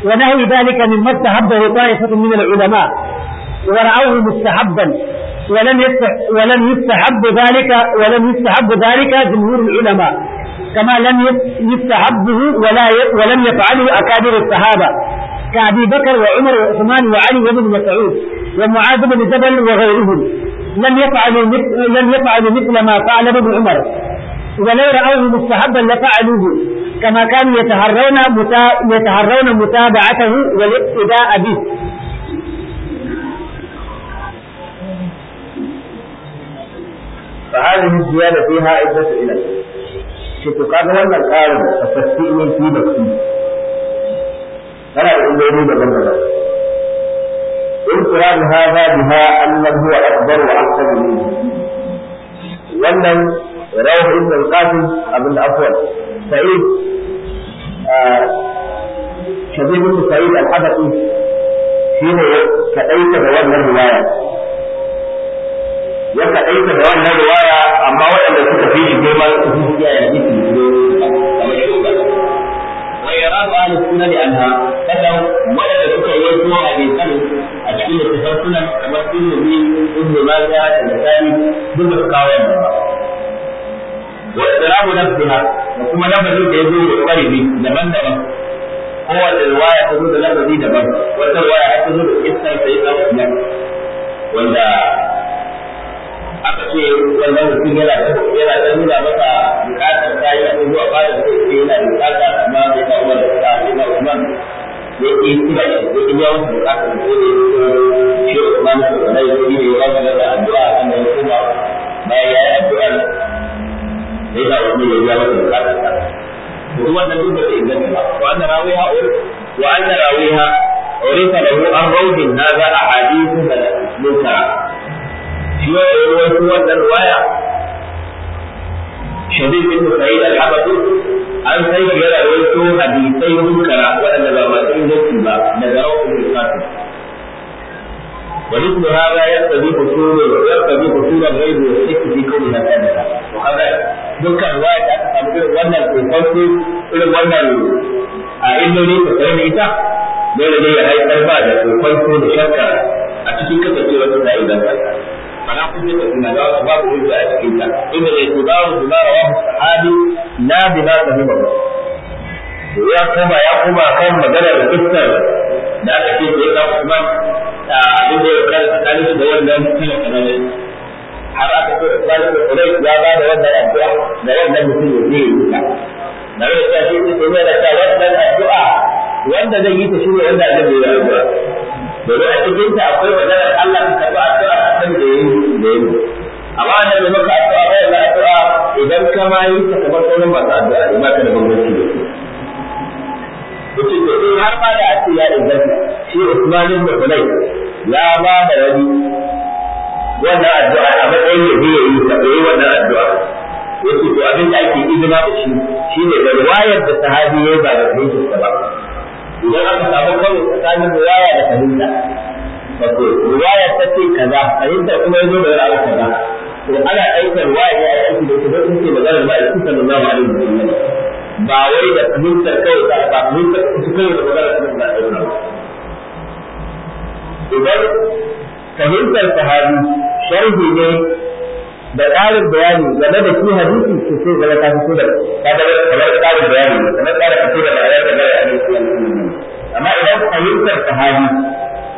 S2: ونهي ذلك مما استحبه طائفة من العلماء ورأوه مستحبا ولم ولم يستحب ذلك ولم يستحب ذلك جمهور العلماء كما لم يستحبه ولا ولم يفعله اكابر الصحابه كابي بكر وعمر وعثمان وعلي وابن مسعود ومعاذ بن جبل وغيرهم لم يفعلوا لم يفعلوا مثل ما فعل ابن عمر ولو رأوه مستحبا لفعلوه كما كانوا يتهرون يتهرون متابعته والاقتداء به
S1: fa hadhihi ziyada fiha iddatu ila shi to kaga wannan karin tafsiri fi da fi kana da illoli daban-daban انفراد هذا بها انه هو اكبر واحسن منه wannan rawar ibn al-qasim abin da afwan sa'id ah, shabib ibn sa'id al-hadathi shine kadai ta da wannan riwaya ya kaɗaita da wannan ruwaya amma waɗanda suka fi shi ba su fi shi yayin jiki kamar ya raba yarafu suna da anha Kada waɗanda suka yi wasu hadisan a cikin littafin suna kamar sunan ne ibn majah da nasani duk da kawo yana ba wa yarafu suna da kuma lafazin da ya zo da ƙwarimi daban-daban kowace riwaya ta zo da lafazi daban wata riwaya ta zo da kissar sai ta wanda aka ce wannan mutum yana yana da nuna masa bukatar ta yi abubuwa ba da zai ce yana bukata amma bai ta umar da ta ce na umar ya ce kuma ya ce ya bukatar da zai ce shi umar da wani ya ce ya wata da addu'a a kan ya kuma bayan ya yi addu'a ya ta wani ya biya wata bukatar ta. Duk wannan duk da inganta ba, wa'annan rawiya wa'annan rawiya عرف له عن روض هذا أحاديث منكرة shi ya yi wasu wannan waya shadid bin al-habasi an sai shi yana wasu hadisai munkara waɗanda ba
S2: ومثل هذا يقتضي حصول يقتضي حصول الغيب والشك في كونها ثابته
S1: وهذا دكان واحد أكثر وانا الكونفرسي إلى وانا أئمة لي تقرين dole ne ya haifar ba da kokon ko da shakka a cikin kasancewar ta idan ka ma'ana kun da suna da wani babu da a cikin ta inda zai ku dawo ku dawo wa sahabi na bi na sahi ba ya kuma ya kuma kan maganar iskar da aka ce da ya kuma abin da ya kare tsakanin da wannan kila kanane har aka ce Ibrahim da Quraysh ya ba da wannan addu'a da wannan mutum ya yi ya Da rai ta shi ne da ta wannan addu'a wanda zai yi ta shi wanda zai yi addu'a domin a cikin ta akwai wajen Allah ta karɓi addu'a a kan da ya yayi da ya yayi amma da da maka a ba da addu'a idan ka ma yi ta kamar sauran ba ta addu'a ba ta da bambanci da su yace to in har ba da addu'a ya inganta shi Usman ibn Hulay ya ba da rabi wannan addu'a a matsayin da zai yi ta yi wannan addu'a yace to abin da ake izina da shi shi ne da riwayar da sahabi ya yi ba da fahimtar ba idan an samu kawai tsakanin riwaya da fahimta wato riwaya ta ce kaza fahimta kuma yazo da ra'ayi kaza to ana aikar riwaya ya aiki da kuma sun ce magana ba aiki sallallahu alaihi wasallam ba wai da fahimtar kawai ba ba fahimtar su kawai da magana ta da aiki idan fahimtar sahabi sharhi ne da ƙarin bayani game da shi hadisi to sai zama ta fito da ta kamar ƙarin bayani kamar ƙara fito da ma'anar da bai amma idan sahabi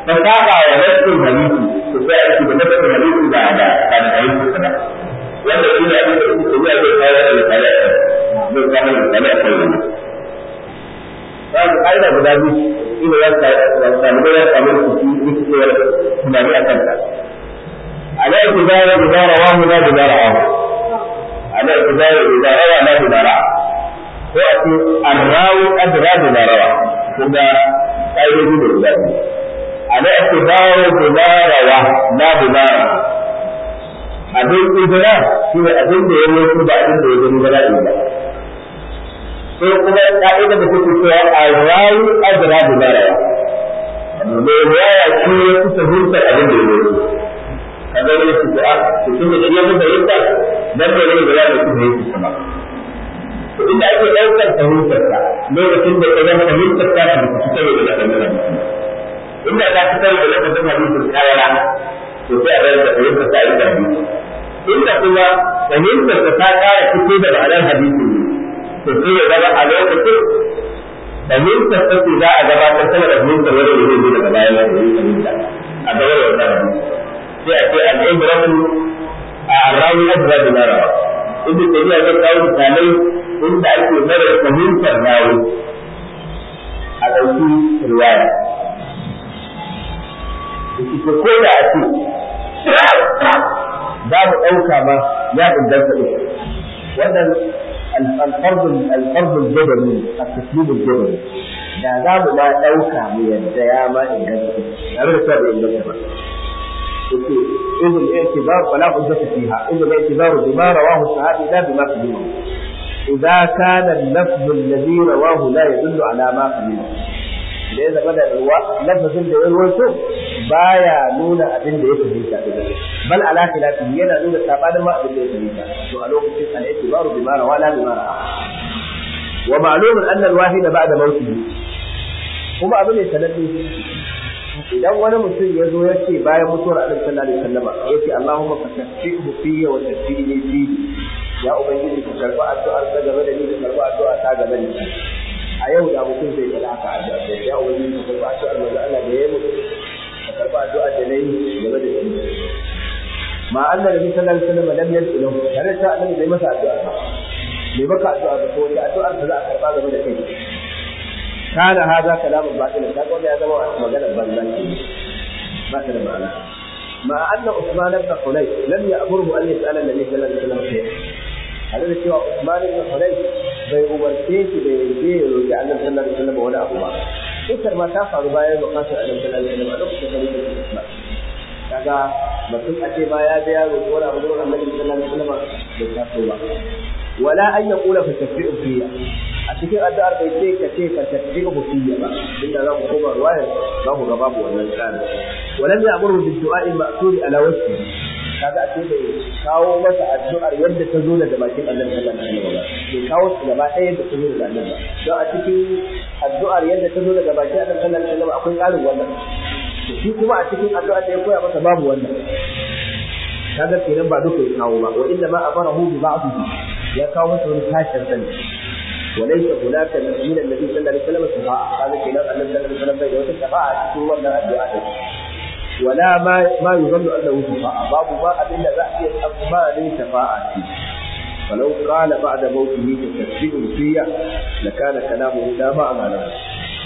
S1: ta saba wa hadisi to sai a ci da nassin hadisi ba da da wanda shi ne abin da ke da zai da guda biyu ina ya samu ya samu a على اعتبار إذا رواه لا إذا رواه على اعتبار إذا روى لا إذا روى وأتي الراوي أدرى إذا روى ثم قيل به abin idra da ya ba abin da ya gani ba daɗi ba sai kuma ka'ida da take cewa a rayu adra da larawa ya ya ce ya kusa abin da a zama da suke a cikin da iya mun fahimta dan da wani da za ka kuma yi to inda ake daukar fahimtar ta lokacin da ka zama fahimtar ka ta da saboda da kan nan inda ka fitar da lokacin hadisin kayana to sai a da fahimtar ka inda hadisi inda kuma fahimtar ka ta kara fito da ma'anar hadisin ne to sai ya zama a lokacin fahimtar ta ce za a gabatar sama da fahimtar wani da zai zo daga bayan wani fahimta a gaba da wannan hadisi sai a ce al'ibratu a rawi azza da larawa ibn tabiya zai kawo misalai inda ake mara fahimtar rawi a ɗauki riwaya ko da a ce za mu ɗauka ma ya inganta ɗin wannan الفرض الفرض a التسليم الجبلي da za mu ma ɗauka mu yadda ya ma inganta da rasa da inganta ba إذ الاعتبار فلا حجة فيها إذ الاعتبار بما رواه الصحابي لا بما قدمه إذا كان اللفظ الذي رواه لا يدل على ما قدمه لأن بدأ الرواء لفظ اللي يرويته بايا نون أبن ليس فيك بل على خلافه ينا نون سابانا ما أبن ليس فيك سؤالوك الاعتبار بما رواه لا بما رواه ومعلوم أن الواحد بعد موته هما أبن يتنبه idan wani mutum ya zo ya ce bayan mutuwar annabi sallallahu alaihi wasallam ya ce Allahumma fasahhihu fiyya wa tafi tashdini fihi ya ubangiji ka karba addu'ar ta game da ni ka karba addu'a ta game da ni a yau da mutum zai faɗa haka addu'a sai ya ubangiji ka karba addu'ar manzo Allah da ya mutu ka karba addu'a da nayi game da ni ma Allah da sallallahu alaihi wasallam lam yansu lahu tare da annabi bai masa addu'a bai baka addu'a ba ko wata addu'ar ta za a karba game da kai kana haza kalamun batil da kuma ya zama magana banza ce ba ta da ma'ana ma anna usman ibn hulay lam ya'murhu an yas'ala annabi sallallahu alaihi wasallam shay'a hada cewa usman ibn hulay bai umarce shi da ya je ya roƙi annabi sallallahu wani abu ba ma ta faru bayan wakatar annabi sallallahu kaga mutum ake ya da sallallahu bai ba wala an yaqula fa tasbi'u fiya a cikin addu'ar bai sai ka ce ka tafi hufiyya ba inda za ku koma ruwayar za ku ga babu wannan tsari ya amuru bi du'a'i ma'turi ala wasi kaga a ce bai kawo masa addu'ar yadda ta zo daga bakin Allah sallallahu alaihi wasallam bai kawo su gaba ɗaya yadda ta zo daga Allah ba don a cikin addu'ar yadda ta zo daga bakin Allah sallallahu alaihi wasallam akwai ƙarin wannan shi kuma a cikin addu'ar da ya koya masa babu wannan kaga kenan ba duka ya kawo ba wa inda ma hu bi ba'dhi ya kawo masa wani tashin sani وليس هناك من الذي صلى الله عليه وسلم الشفاعة هذا الكلام أن النبي صلى الله عليه وسلم بيوت الشفاعة ثم لا الدعاء ولا ما ما يظن أنه شفاعة باب ما أدل بحث الأقمال شفاعة فلو قال بعد موته تكفيه فيا لكان كلامه لا معنى له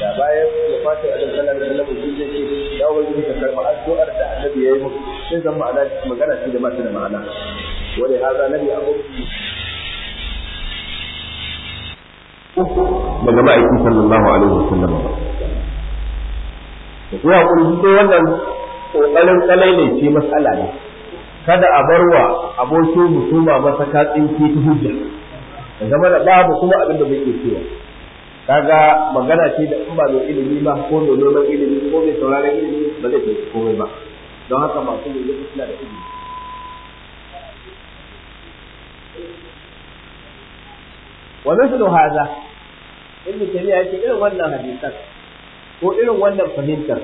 S1: لا باير وفاته النبي صلى الله عليه وسلم جزء شيء لا وجد يتكفر مع الزؤر دع النبي يهيمه إذا معنى ما كان ما سنة معنى ولهذا لم يامر daga ma'aikin sallallahu alaihi wasallam ba ya kun dai wannan kokarin kalai ne ce mas'ala ne kada a barwa abokin husuma masa ka tsinki ta hujja da zama da babu kuma abin da muke cewa kaga magana ce da in ba mai ilimi ba ko mai ilimi ko mai sauraron ilimi ba zai tafi komai ba don haka masu ne suna da ilimi wa mithlu haza ibn tabi'a yake irin wannan hadisan ko irin wannan fahimtar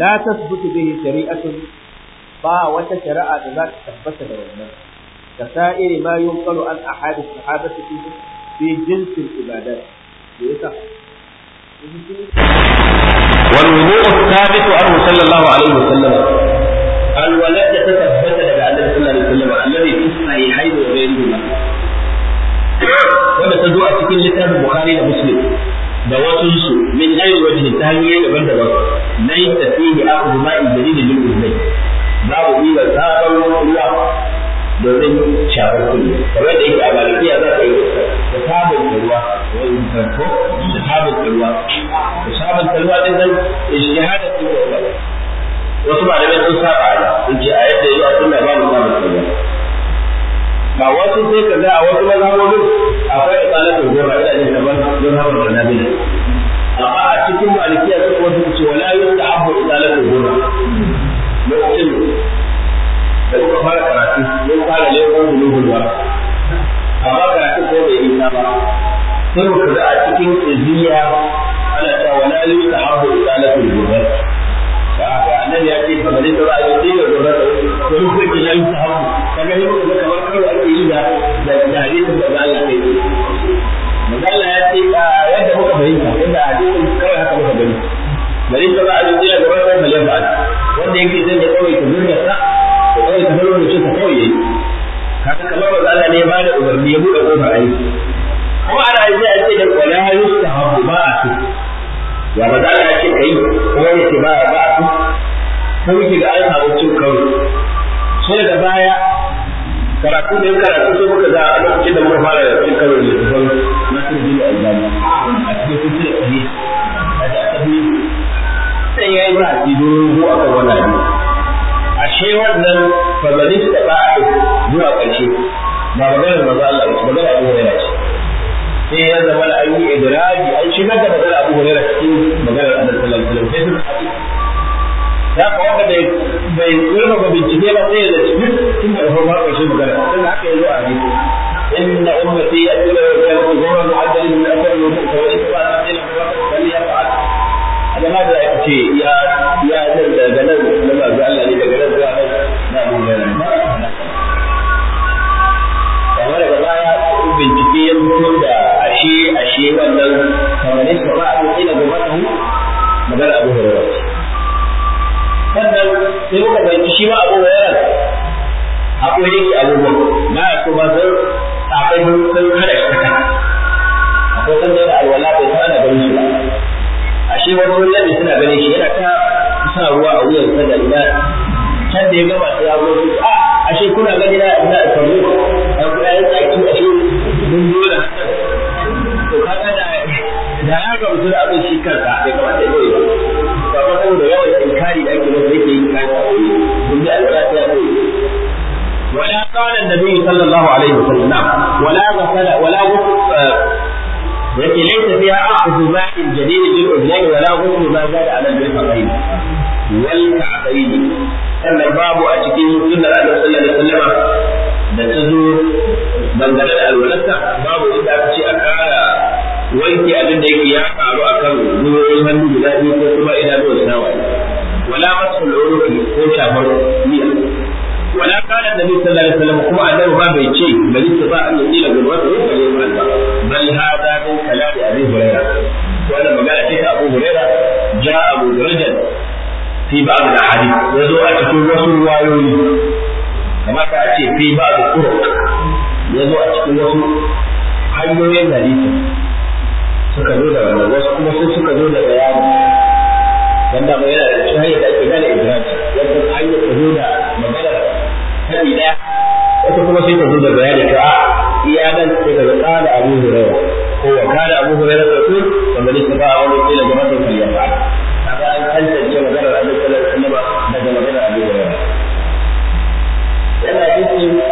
S1: la tasbutu bihi shari'atun ba wata shari'a da za ta tabbata da wannan ka sa'iri ma yunqalu an ahadith sahabati fi fi jins al-ibadat yasa والوضوء الثابت عنه صلى الله عليه وسلم الولاء تثبت لدى النبي صلى الله عليه وسلم الذي في الصحيحين وغيرهما wanda ta zo a cikin littafin bukhari da muslim da wasu su min ayi wajhi ta hanyoyi daban-daban nai tafihi akhudhu ma'i dalilin lil uzmai babu ila sabon ruwa domin shafar kuɗi kamar da yake a malikiya za ka yi da sabon ruwa in karko da sabon ruwa da sabon ruwa din nan ijtihada ce da wasu malamai sun saba ala in ce a yadda yau a sunna babu sabon ruwa ba wasu sai ka a wasu mazhabobi sai muka ga a cikin iziya ana ta wala yi ta hafu isalatul gurbat da aka annabi ya ce kamar yadda za a yi tsira gurbat to duk da ya yi ta hafu kaga yi muka kamar karo ake yi da da hadisin da Allah kai manzo Allah ya ce yadda muka fahimta yadda hadisin kawai haka muka gani bari ta za a yi tsira gurbat sai ya ba wanda yake zai da kawai ta zurga sa ko kawai ta farko da ce ta kawai yayi kaga kamar manzo Allah ne ya bada umarni ya bude kofar aiki ana yi a ce da wala yustahabu ba a su ya ba za ka ce kai kuma ya ce ba ba a su sai wuce ga an samu cin karo sai da baya karatu da karatu sai muka za a lokacin da muka fara cin karo da ban nasir bin al-albani a cikin sura ali a da tabi sai ya yi ba a cikin ruwa aka wala ne ashe wannan fabalista ba a zuwa ƙarshe ba magana da maza Allah ba ba magana da ya ce sai ya zama na an yi idraji an shigar da magana abu hurairah cikin maganar annabi sallallahu alaihi wasallam sai sun haɗu da ka wanda bai bai kulma ba bincike ba sai da cikin tun da farko ƙarshen magana sai haka ya zo a hadisi إن أمتي يأكل ويشرب زورا معدلا من أثر الوضوء فإن فعل ذلك فليفعل هذا ماذا يأتي يا يا جلد جلد لما جعل لي جلد واحد ما هو جلد kamar da baya bincike ya fito da ashe ashe wannan kamarin sa ba a da gaba ta hu magana abu hurairar sannan sai muka fahimci shi ma abu hurairar akwai yake abubuwan na a so ba zan sakai sun kada shi ta a akwai san da alwala bai fara ganin shi ba ashe wani wani yadda suna ganin shi yana ta sa ruwa a wuyan sa da ina can da ya gama sai ya zo a ah, ashe kuna gani na ina da kamar ya kuɗa ya tsaki ashe mun dole da ya ga mutum abin shi kansa bai kamata ya yi ba ba saboda yawan inkari da ake masa yake yin kayan sun ji alwala ta yi ولا قال النبي صلى الله عليه وسلم ولا غسل ولا غسل التي ليس فيها أخذ ماء جديد للأذنين ولا غسل ما زاد على المرفقين والكعبين أما الباب أشكيه سنة النبي صلى الله عليه وسلم da ta zo dangane da alwalarsa babu inda aka ce aka Wai wanke abin da yake ya karu a kan ruwan hannu guda biyu ko kuma idanuwar sawa wala masu lorufi ko shafar miya wala kana nabi sallallahu alaihi wasallam kuma annabi ba bai ce bari ta ba an yi daga wata ruwa ne ba bal hada min kalami abi hurairah wala magana ce ta abu hurairah ja abu darajan fi ba'd al-hadith yazo a cikin wasu ruwayoyi kamata a ce fi ba'd al-turuq yazo a cikin wasu hanyoyin hadisi suka zo da wannan wasu kuma sai suka zo da bayani dan da da shi da an yi ta zo da kuma sai zo da bayani iya sai ka da abu hurairah ko wa kana abu hurairah ne ba wani kaga an sallallahu alaihi wasallam daga maganar abu hurairah yana cikin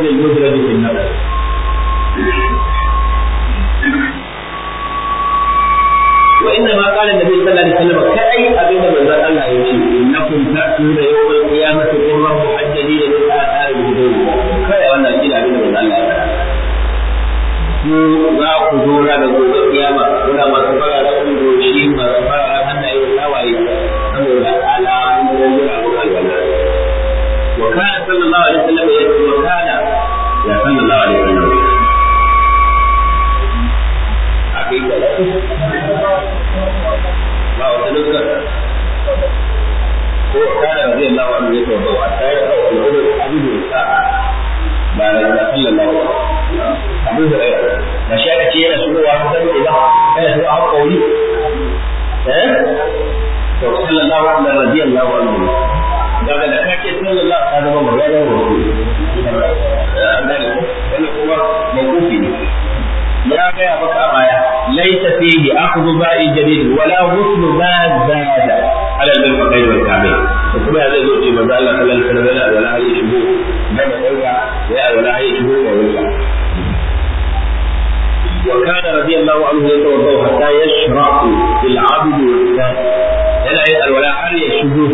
S1: الغسل المدرج في النفس وإنما قال النبي صلى الله عليه وسلم كأي أبي من ذا الله يجي إنكم تأتون يوم القيامة غرا محجلين من آثار الوضوء كأي وأنا أجي أبي من الله ku za ku zo ranar gobe kiyama kuna masu fara manzo Allah sallallahu alaihi wasallam yana wala hayi shigo gaba dauka ya wala hayi shigo ya wuce وكان رضي الله عنه يتوضا حتى يشرع العبد والإنسان yana yin alwala har ya shigo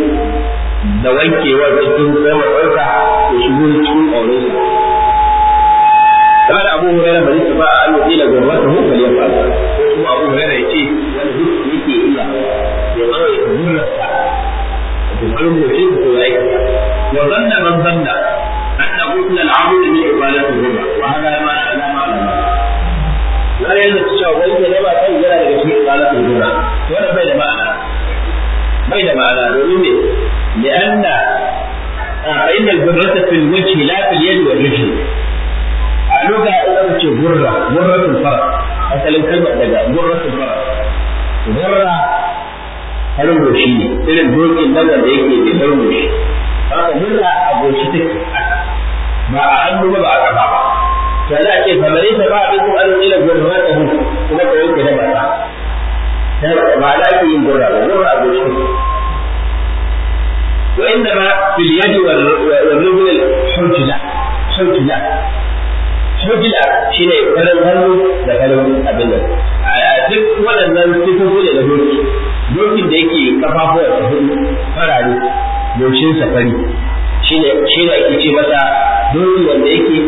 S1: da wankewar cikin tsamar ɗauka ya shigo cikin aurensa قال أبو هريرة من استطاع أن يطيل ذرته فليفعل وهو أبو هريرة يأتيه والذكر يأتي إلا يضع يقول له تفعله يجيب ذلك وظن من ظن أنه إن العبد من عبادة الربا وهذا ما لا ما لا يلزم الشعب وإذا لما كان يلا لكي عبادة الربا ولا بين معنى بين معنى دلومي لأن فإن البرة في الوجه لا في اليد والرجل اللغة إذا كنت برة برة الفرق asalin kalmar daga gurratul bara gurra harin goshi ne irin dokin nan da yake bai harin goshi haka murna a goshi take ba a hannu ba ba a kafa ba to za a ce kamar ta ba a bi an ila gurin ma ta hu kuma ka yanke da bata ba na ake yin gura ba gura a goshi wa inda ma fil yadi wal rubul hujla hujla hujla shine karan hannu da karan abin nan duk waɗannan sifofi ne da doki dokin da yake kafafuwa su hudu farare goshin safari fari shine shine ake ce masa doyi wanda yake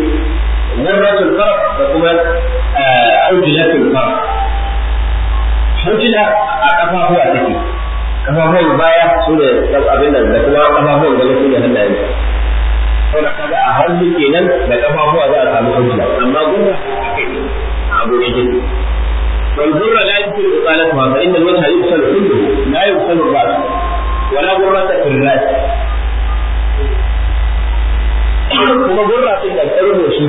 S1: warratul farq da kuma eh, audilatul farq hujila a kafafuwa take kafafuwan baya su ne abin nan da kuma kafafuwan gaba su ne hannayen saboda kaga a hannu kenan da kafafuwa za a samu hujila amma gurra a kai ne a abokin والذرة لا يمكن إطالتها فإن الوجه يغسل كله لا يغسل الرأس wala gurrata firrat kuma gurratin da kai shi.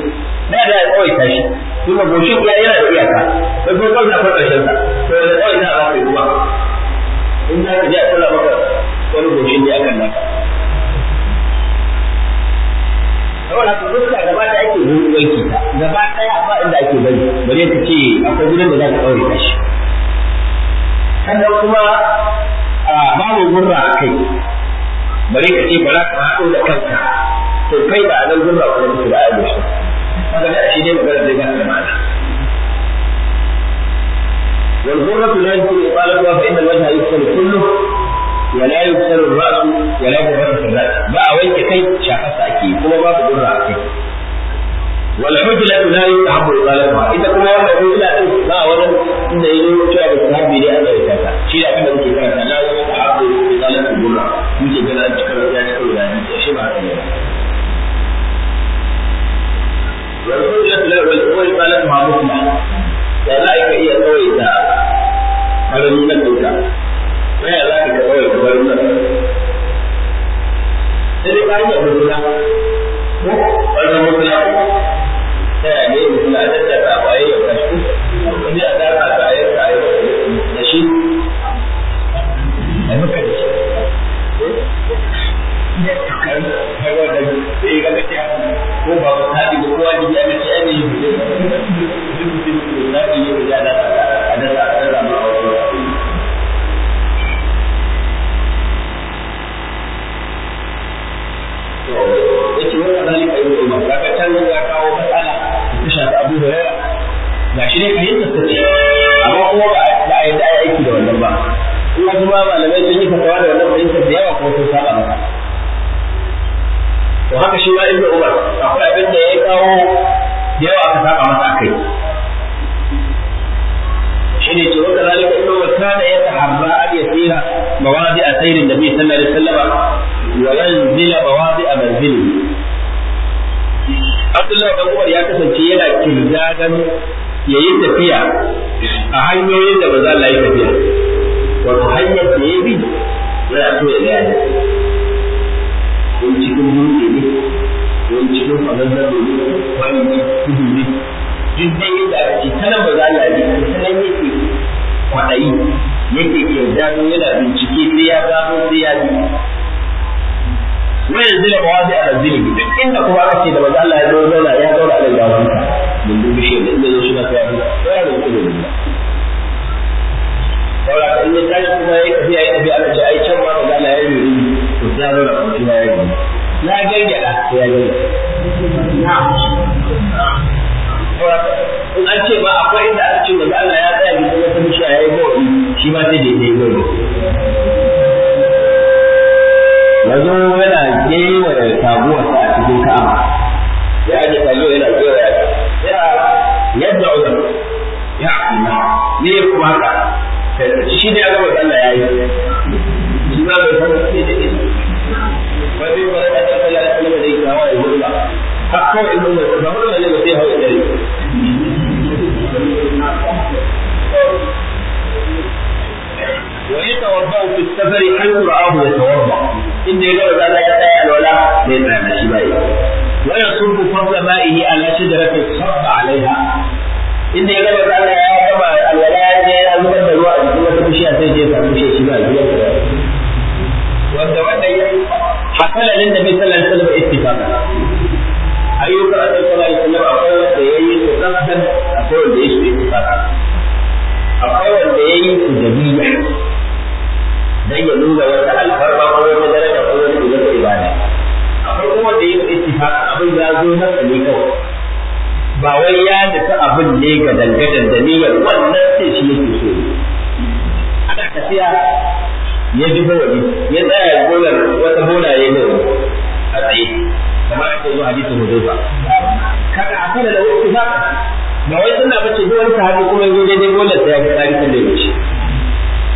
S1: na da ya kawai tashi kuma goshi ya yana da iyaka sai kuma kawai na farkashin sa to da kawai na ba kai ruwa in ka je a kula maka wani goshin da ya kan naka
S2: saboda ka fuska
S1: gaba da ake ta ba inda ake bari bare ta ce akwai gurin da za ka kawai kuma babu gurra a kai bare ka ce za ka haɗo da kanka to kai ba a nan gurra kuma da ayyuka shi kaga da shi dai magana zai ba da ma'ana والغرة لا يمكن إطالتها فإن الوجه يكسر كله ولا يكسر الرأس ولا يكسر الرأس kai وين كيف شافت أكيد كما gurra a kai. والحجلة لا يتعب إقالتها إذا كما يقول لا تفضل ما أولا إن إليه كيف تهب إلي أبا يتاكا شيء أكبر كيف يتاكا لا يتعب إقالتها بلا يجب أن أتكلم إلى أن أقول لها يجب أشبع أن يتاكا والحجلة لا يتعب إقالتها مهمة ولايك إيا قويتا هذا من الدوكا ويا لايك قويتا ويا لايك قويتا ويا لايك قويتا ويا لايك قويتا ويا لايك قويتا ويا لايك قويتا ta yage mu suna kashi ya ta da shi ai maka da shi da sai ga ta ko ba ko ya ne ai ne da da da da da da yake shafi abu da rara ga shi ne fahimtar ta ce amma kuma ba a yi da aiki da wannan ba kuma kuma malamai sun yi fatawa da wannan fahimtar da yawa kuma sun saba maka to haka shi ma ibnu umar akwai abin da ya kawo da yawa aka saba masa akai shine ce wata zalika ibnu umar kana ya taharra an yasira mawadi a sayrin nabi sallallahu alaihi wasallam wa yanzila mawadi a manzilihi abdullahi dan umar ya kasance yana kirzagan ya yi tafiya a hanyoyin da ba za a yi tafiya wato hanyar da ya bi yana so ya gaya ko cikin dutse ne ko cikin fazanzar ne wani kudu ne duk dai yadda aka ce ta ba za a yi ta nan yake kwaɗayi yake kirzagan yana bincike sai ya gano sai ya bi wa yanzila mawadi a razili bi duk inda kuma aka ce da manzo Allah ya zo zauna ya zauna da gaban sa mun dubi shi da inda zo shi na ko ya rubuta da Allah saboda tashi kuma yayi tafiya yayi tafiya ana ce ai can ma manzo ya yi rubuta to sai ya zauna ko shi ya yi na gaida da ya gaida in an ce ba akwai ya shi da ya yana gewa da taguwarsa a cikin ka'aba ya aje kallo yana gewa ya yadda ya ne kuma ka shi ne aka wata Allah ya yi shi ma bai san shi da ke wani wani da ta kalla da da ya ya hulla har in mun ba wani ne ba hawa ya ويتوضأ في السفر أن رآه يتوضأ إن يقول هذا يتأل ولا ليس شبابه ويصب فضل مائه على شجرة الصب عليها إن يقول هذا يا كما الولاء يا أبدا الوقت ولا تمشي أتجي فمشي شبابه وأنت وأنت حصل للنبي صلى الله عليه وسلم اتفاقا ayyukan annabi sallallahu alaihi wasallam akwai أقول yayi su kankan akwai wanda yayi su ittifaq dan ya nuna wata alfarma ko wata daraja ko wani da yake ibada akwai kuma da yin ittifaq abin ya zo masa ne kawai ba wai ya nufi abin ne ga dangadan da niyyar wannan sai shi yake so ana tafiya ya ji bawani ya tsaya gonar wata gona ya yi a tsaye kamar ake zuwa hadisin hudaifa kada a kana da wani ittifaq ba wai suna bace duk wani sahabi kuma ya zo daidai gonar sai ya ga tarihin da ya wuce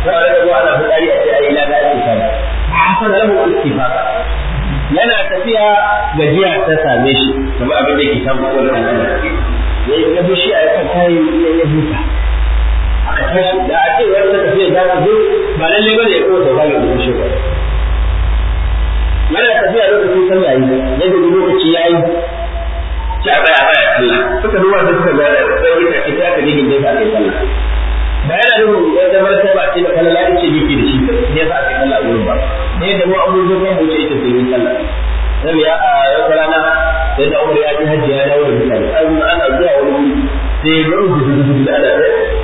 S1: ana a وأنا أقول أنا في الآية إلى ذلك حصل له اتفاق yana tafiya gajiya ta same shi kamar abin da ke samu kowane kan ana ya yi gabi shi a yakan kayi ya yi huta aka tashi da a ce wani ta tafiya za ta zo ba lalle ba bane ya kowace ta ga da shi ba yana tafiya lokacin sallah yi ya gabi lokaci ya yi ta tsaya tsaya sallah suka duba da suka ga ɗaukar ta ita aka ne ya ta kai sallah ba yana nufin wata martaba ce da kalala ita yake da shi ne sa ake kalla gurin ba ne da mu abubuwan kan mu ce ita sai sallah ya a wata rana sai da umar ya ji hajji ya dawo da mutane an ana zuwa wani wuri sai ya rubu dubu da ana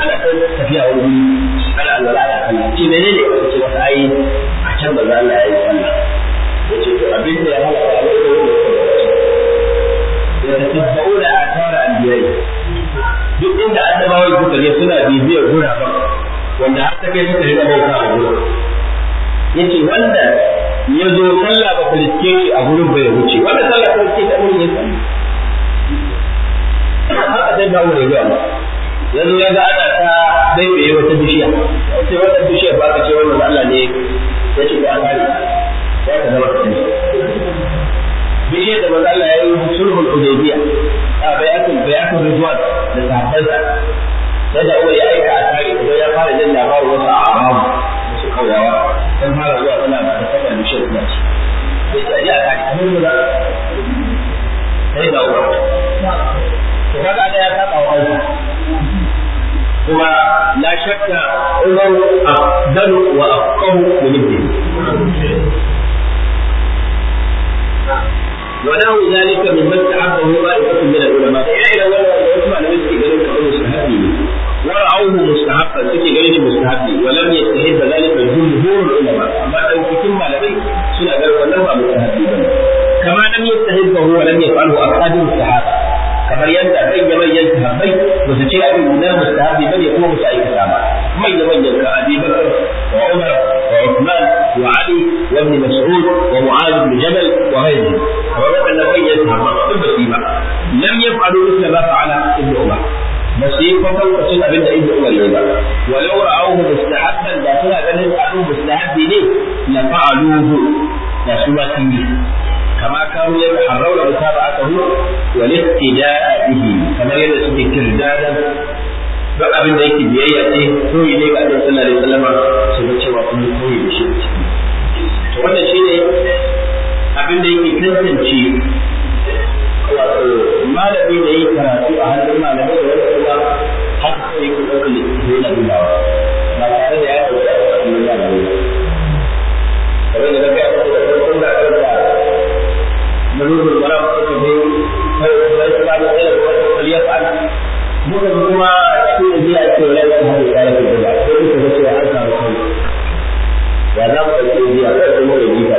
S1: ana tafiya wani wuri ana alwala ana kalla ce menene wata ce wata ayi a can ba za yi sallah yace to abin da ya halaka a lokacin da ya tafi da a tara biyar. duk inda annabawan suka je suna bibiyar guraben wanda har ta kai suka rika bauta a gurin yace wanda ya zo sallah ba ta riske shi a gurin bai wuce wanda sallah ta riske shi a gurin ya sallah haka sai ba wurin zuwa ba yanzu ya ga ana ta baibaye wata bishiya sai wata bishiya ba ka ce wannan Allah ne ya ce ba ya ta zama ta الحديبية ده بقى الله يقول صلح الحديبية بيأكل بيأكل رضوان لتحفزها فده هو يأيك أتاري فده يقال إذن يقال وضع أعرام بسي قول يا رب فان هذا هو أنا بتفكر بشيء ناتي بيت أجي أتاري كمين ولا هيدا أورا فهذا أنا يتابع وقال هو لا شك أمر أقدر وأفقه من الدين Thank you. ونحو ذلك مما استحبه طائفة من العلماء يا إلى ولا يسمع لم يسكي غير مستحبي ورعوه مستحبا سكي غير مستحبي ولم يستحب ذلك جمهور العلماء أما لو كتم على بيت سنة غير ولا مستحبي كما لم يستحبه ولم يفعله أصحاب الصحابة kamar yadda kan ya manyan sahabbai ba su ce abin na mustahabi bane kuma ba su aikata ba manyan manyan ka Abi Bakar wa Umar وعثمان وعلي وابن مسعود ومعاذ بن جبل وغيرهم فبدأ النبي يذهب لم يفعلوا مثل ما فعل ابن عمر بس يفضل تسنى ابن ابن عمر يبقى ولو رأوه مستحبا داخل سنة بل يفعلوه مستحب ليه لفعلوه لا كما كانوا يتحرون متابعته والاقتداء به كما يدرس كردادا duk abin da yake biyayya ce koyi ne ga annabi sallallahu alaihi wasallam su ga cewa kun yi koyi da shi to wannan shine abin da yake tantance wato malami da yake karatu a hannun malami da wanda kuma haka sai ku ɗaukar littafi yana dubawa ba tare da ya ɗauka a cikin malami ba kamar da kai a cikin da farkon da aka da nurul mara ko ta biyu sai sai ba da ilimi ko ta liyafal mukan kuma Allah ya ce wala ya samu ibadatu bid'a sai kuka ga cewa an samu
S2: kai ya za mu ɗauki biya kai kuma da bid'a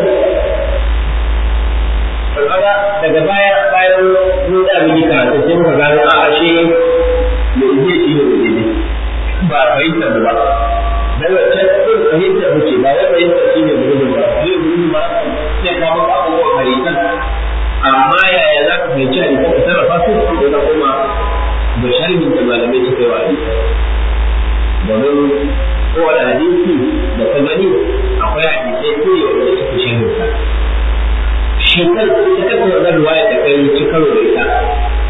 S1: da kaga daga baya bayan mun da mun yi karatu sai muka gano a ashe da iya shi ne daidai ba fahimtar ba dan wacce kun fahimtar muke ba wai fahimtar shi ne gurbin ba zai gurbin ba sai ka muku abubuwan harikan amma yaya za ka fahimci harikan ka sarrafa su da kuma da sharhin da malamai suka yi wa hadisi domin kowane hadisi da ta akwai hadisai ko ya wanda suka sharhin sa shi kan ita kasa wannan ruwaya da kai ci karo da ita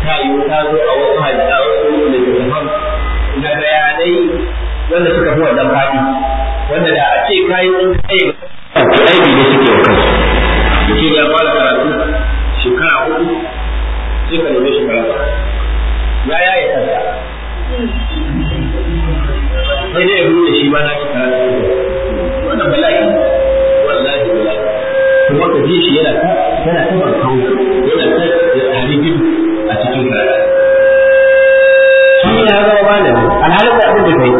S1: ta yi ta zo a wasu hadisa wasu da ke zama da bayanai wanda suka fi wannan faɗi wanda da a ce kayi sun kai ba su da ne suke wa kansu mutum ya fara karatu shekara uku, sai ka nemi shekara ya ya yi kansa sai dai ya da shi ba na cika wannan bala'i wallahi bala'i kuma ka ji shi yana ta yana ta barkau yana ta haribin a cikin karatu shi ne ya zama ne alhalin da abin da ka yi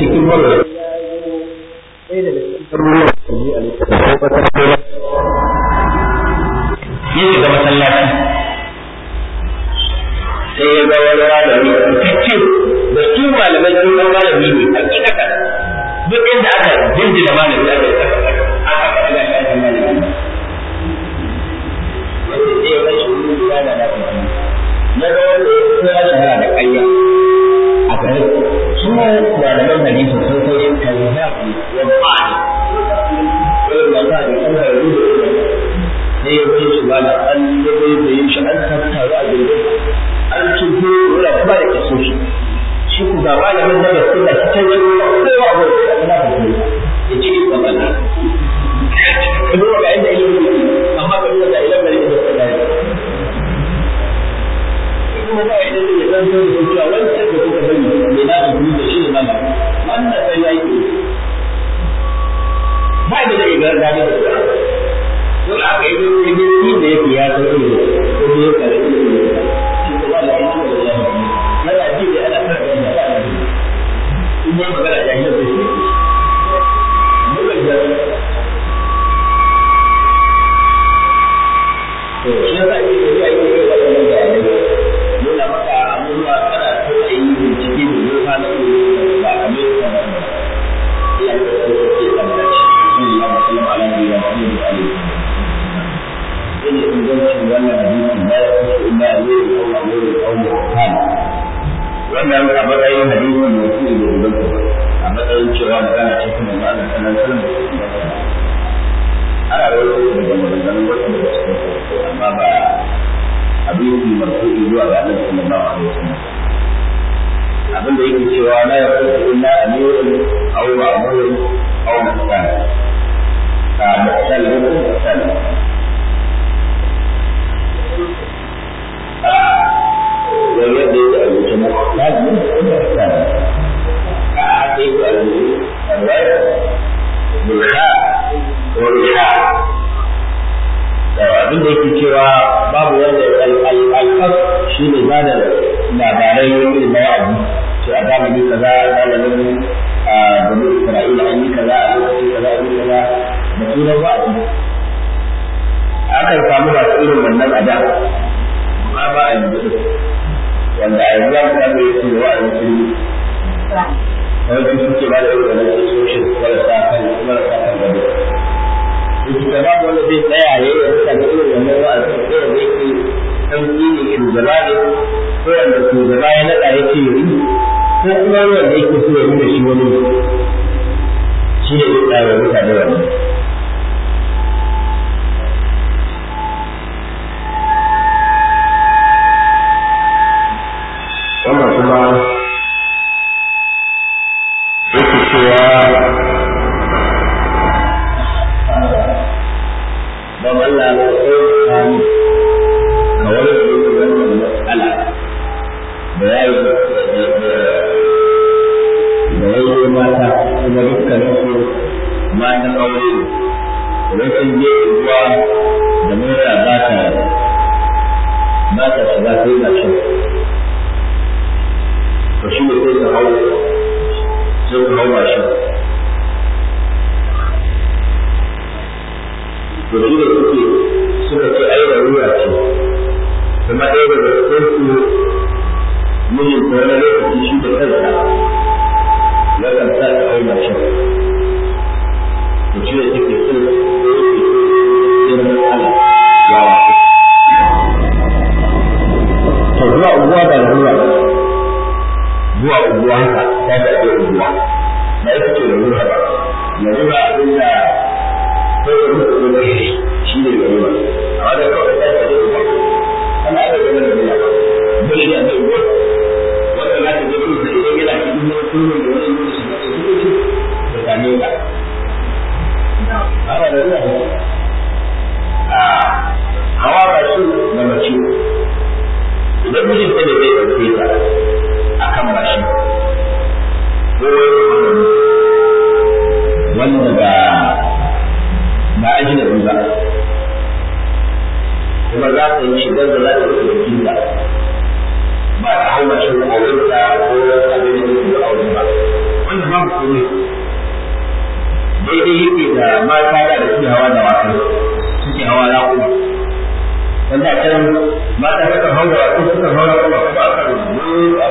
S1: cikin ya ɗaya daga cikin ruwan da ne a ba da labarai wani da wa'azi ce a zamani kaza za a gani isra'ila an yi kaza a lokaci kaza an yi kaza da sunan wa'azi akan samu masu irin wannan a da ba ba a yanzu wanda a yanzu an samu yake da a sun yi wani suke ba da irin wannan sososhin marasa kan marasa kan gado da babu wanda zai tsaya ya yi wata da irin wannan wa'azi ko da zai sauki ne shugaba ne ko wanda shugaba ya naɗa ya ce yi ko kuma wanda yake so ya nuna shi wani shi ne ya tsara mutane wannan wanda ba ba da ba kuma za ka yi shigar da za ka yi jikin ba ba ta hau mace ko wurinta ko abin da ke da aure ba wanda ba ku ne daidai yake da mata da da suke hawa da wasan suke hawa raƙuma wanda a can mata suka hau da wasan suka hau raƙuma ko a kan a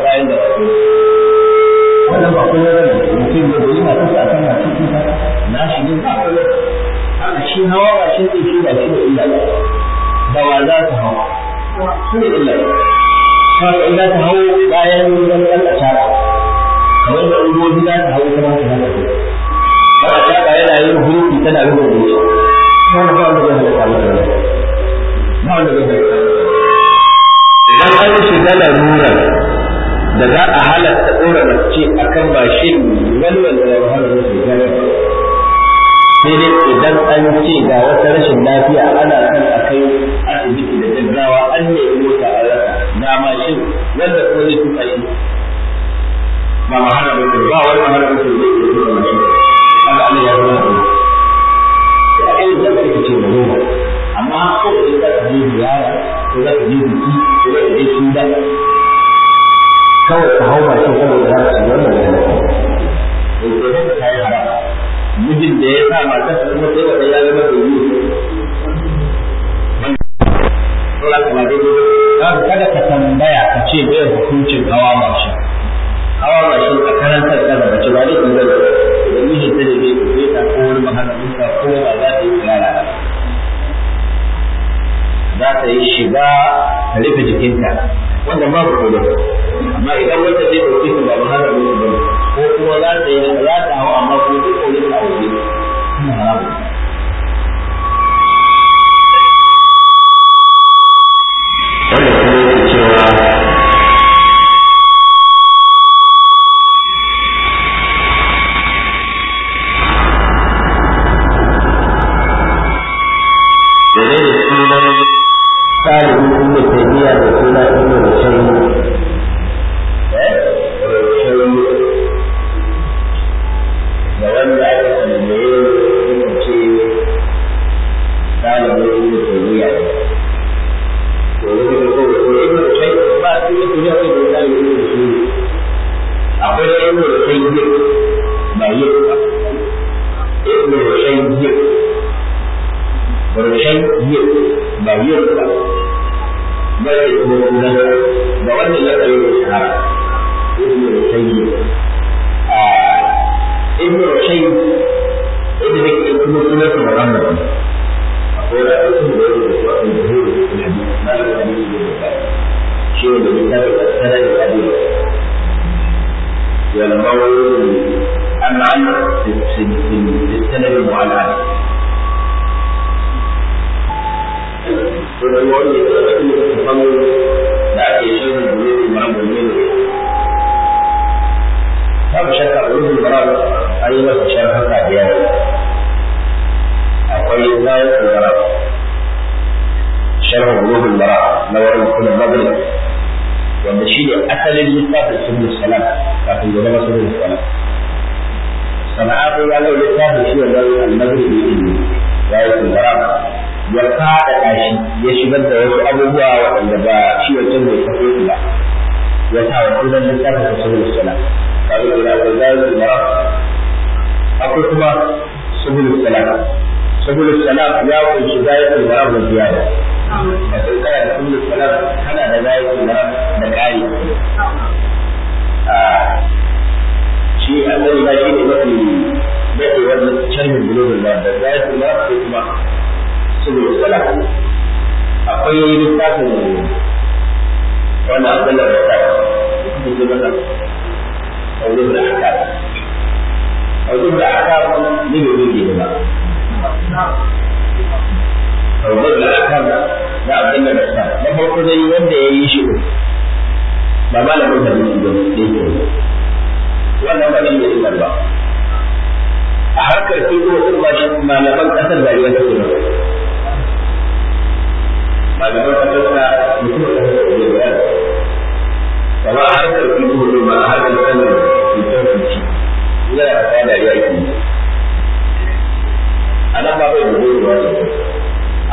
S1: ne ba shi hawa ba shi ne shi ba, shi ne illa ba da wa za ta hawa su ne illa ba kawai in za ta hau bayan wani ɗan asara kamar da ungozi za ta hau ta ma ta hana ta ba a shaƙa yana yin hurufi tana yin hurufi ba wanda ba wanda zai halatta ba ba wanda zai halatta idan an shiga nuna, da za a halatta ɗora mace akan bashin wani wanda ya fara zai sai dai idan an ce ga wata rashin lafiya ana son a kai asibiti da gaggawa an nemi mota a rasa dama shin wanda kuma zai tuka shi ba mahara ba ba wani mahara ba zai iya tuka mashi kaga Allah ya zama da Sai a irin da kake ce da ruwa amma ko idan ka je ziyara ko za ka je biki ko za ka je shinda kawai ka hau ba mashin saboda za ka shiga wannan da ya ta yi shi. mijin da ya sa matar ta kuma sai wata ya zama domin kada ka tambaya ka ce bai hukuncin hawa mashi hawa mashi a karantar da mace ba ne in zai da mijin ta da bai bai ta ko wani maharaminsa ko ba za ta yi tsara za ta yi shiga ta rufe jikinta Wanda ba ku kodin amma idan wata zai ɗauki su ba maharaminsa ba ko kuma za ta yi za ta hawa amma kuma duk wani a waje haramu kasar ba. take ne malaman kasarsa mutum da kasar da ya da ba a harkar ido hudu ba a harkar sanar cutar cuci ina da kasa dariya ke a nan ba bai da zai ruwa sosai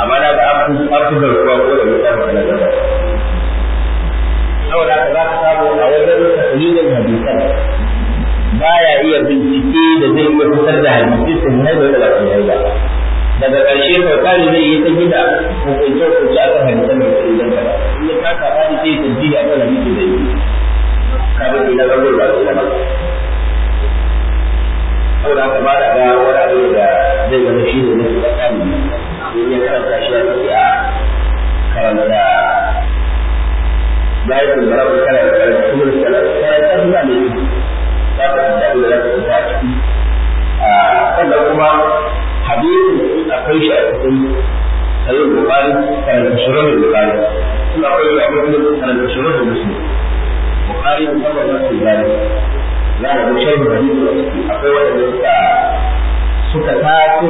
S1: amma na ga an ruwa ko da da na gaba saboda za ka samu a wajen tahlilin hadisan baya iya bincike da zai iya fitar da hadisi sun haifar da lafiyayya daga ƙarshe farfari zai yi ta gida hukunce hukunce akan hadisan da ke zan gaba in ya kasa fadi sai ya a kan hadisi da yi kafin ke na zango da su zama ko da haka ba da ga wani abu da zai zama shi ne na su in ya karanta shi a ciki a karanta bayan sun zara ku karanta kuma da karanta karanta suna ne ba ka da da za ka a ciki sannan kuma hadisin da in akwai shi a cikin sayin bukari karanta shirar bukari in akwai shi a cikin karanta shirar muslim bukari musamman na su gani za a ga sharhin hadisi a ciki akwai wanda suka suka taso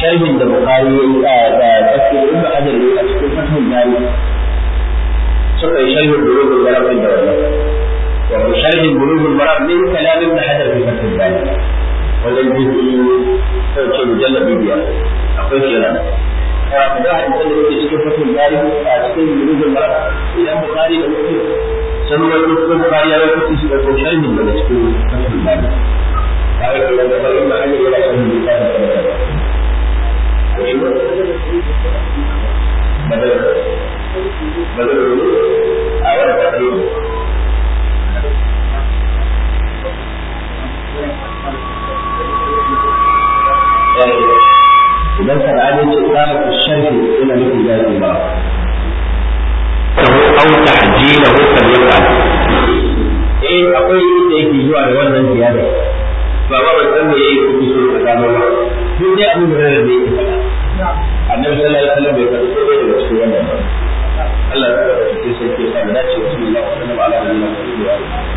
S1: sharhin da bukari ya yi a da tafsir ibn hajar ne a cikin fathul bari suka yi sharhin bulugul maram da wannan wato sharhin bulugul maram min kalam ibn hajar fi fathul bari wajen jirgin sauke mujallar bibiya akwai kenan da bari a cikin jirgin ba idan da wani cikin bukari ya yi kuɗi da koshar bari ba ya da ma an yi da idan ka ra'ayi ce idan ka sharhi ina nufin ba eh akwai inda yake zuwa da wannan ziyara ba ba san me yake so ka gano ba duk dai abin da annabi sallallahu alaihi wasallam bai faɗi ko daga cikin wannan Allah ya sai ke sa da dace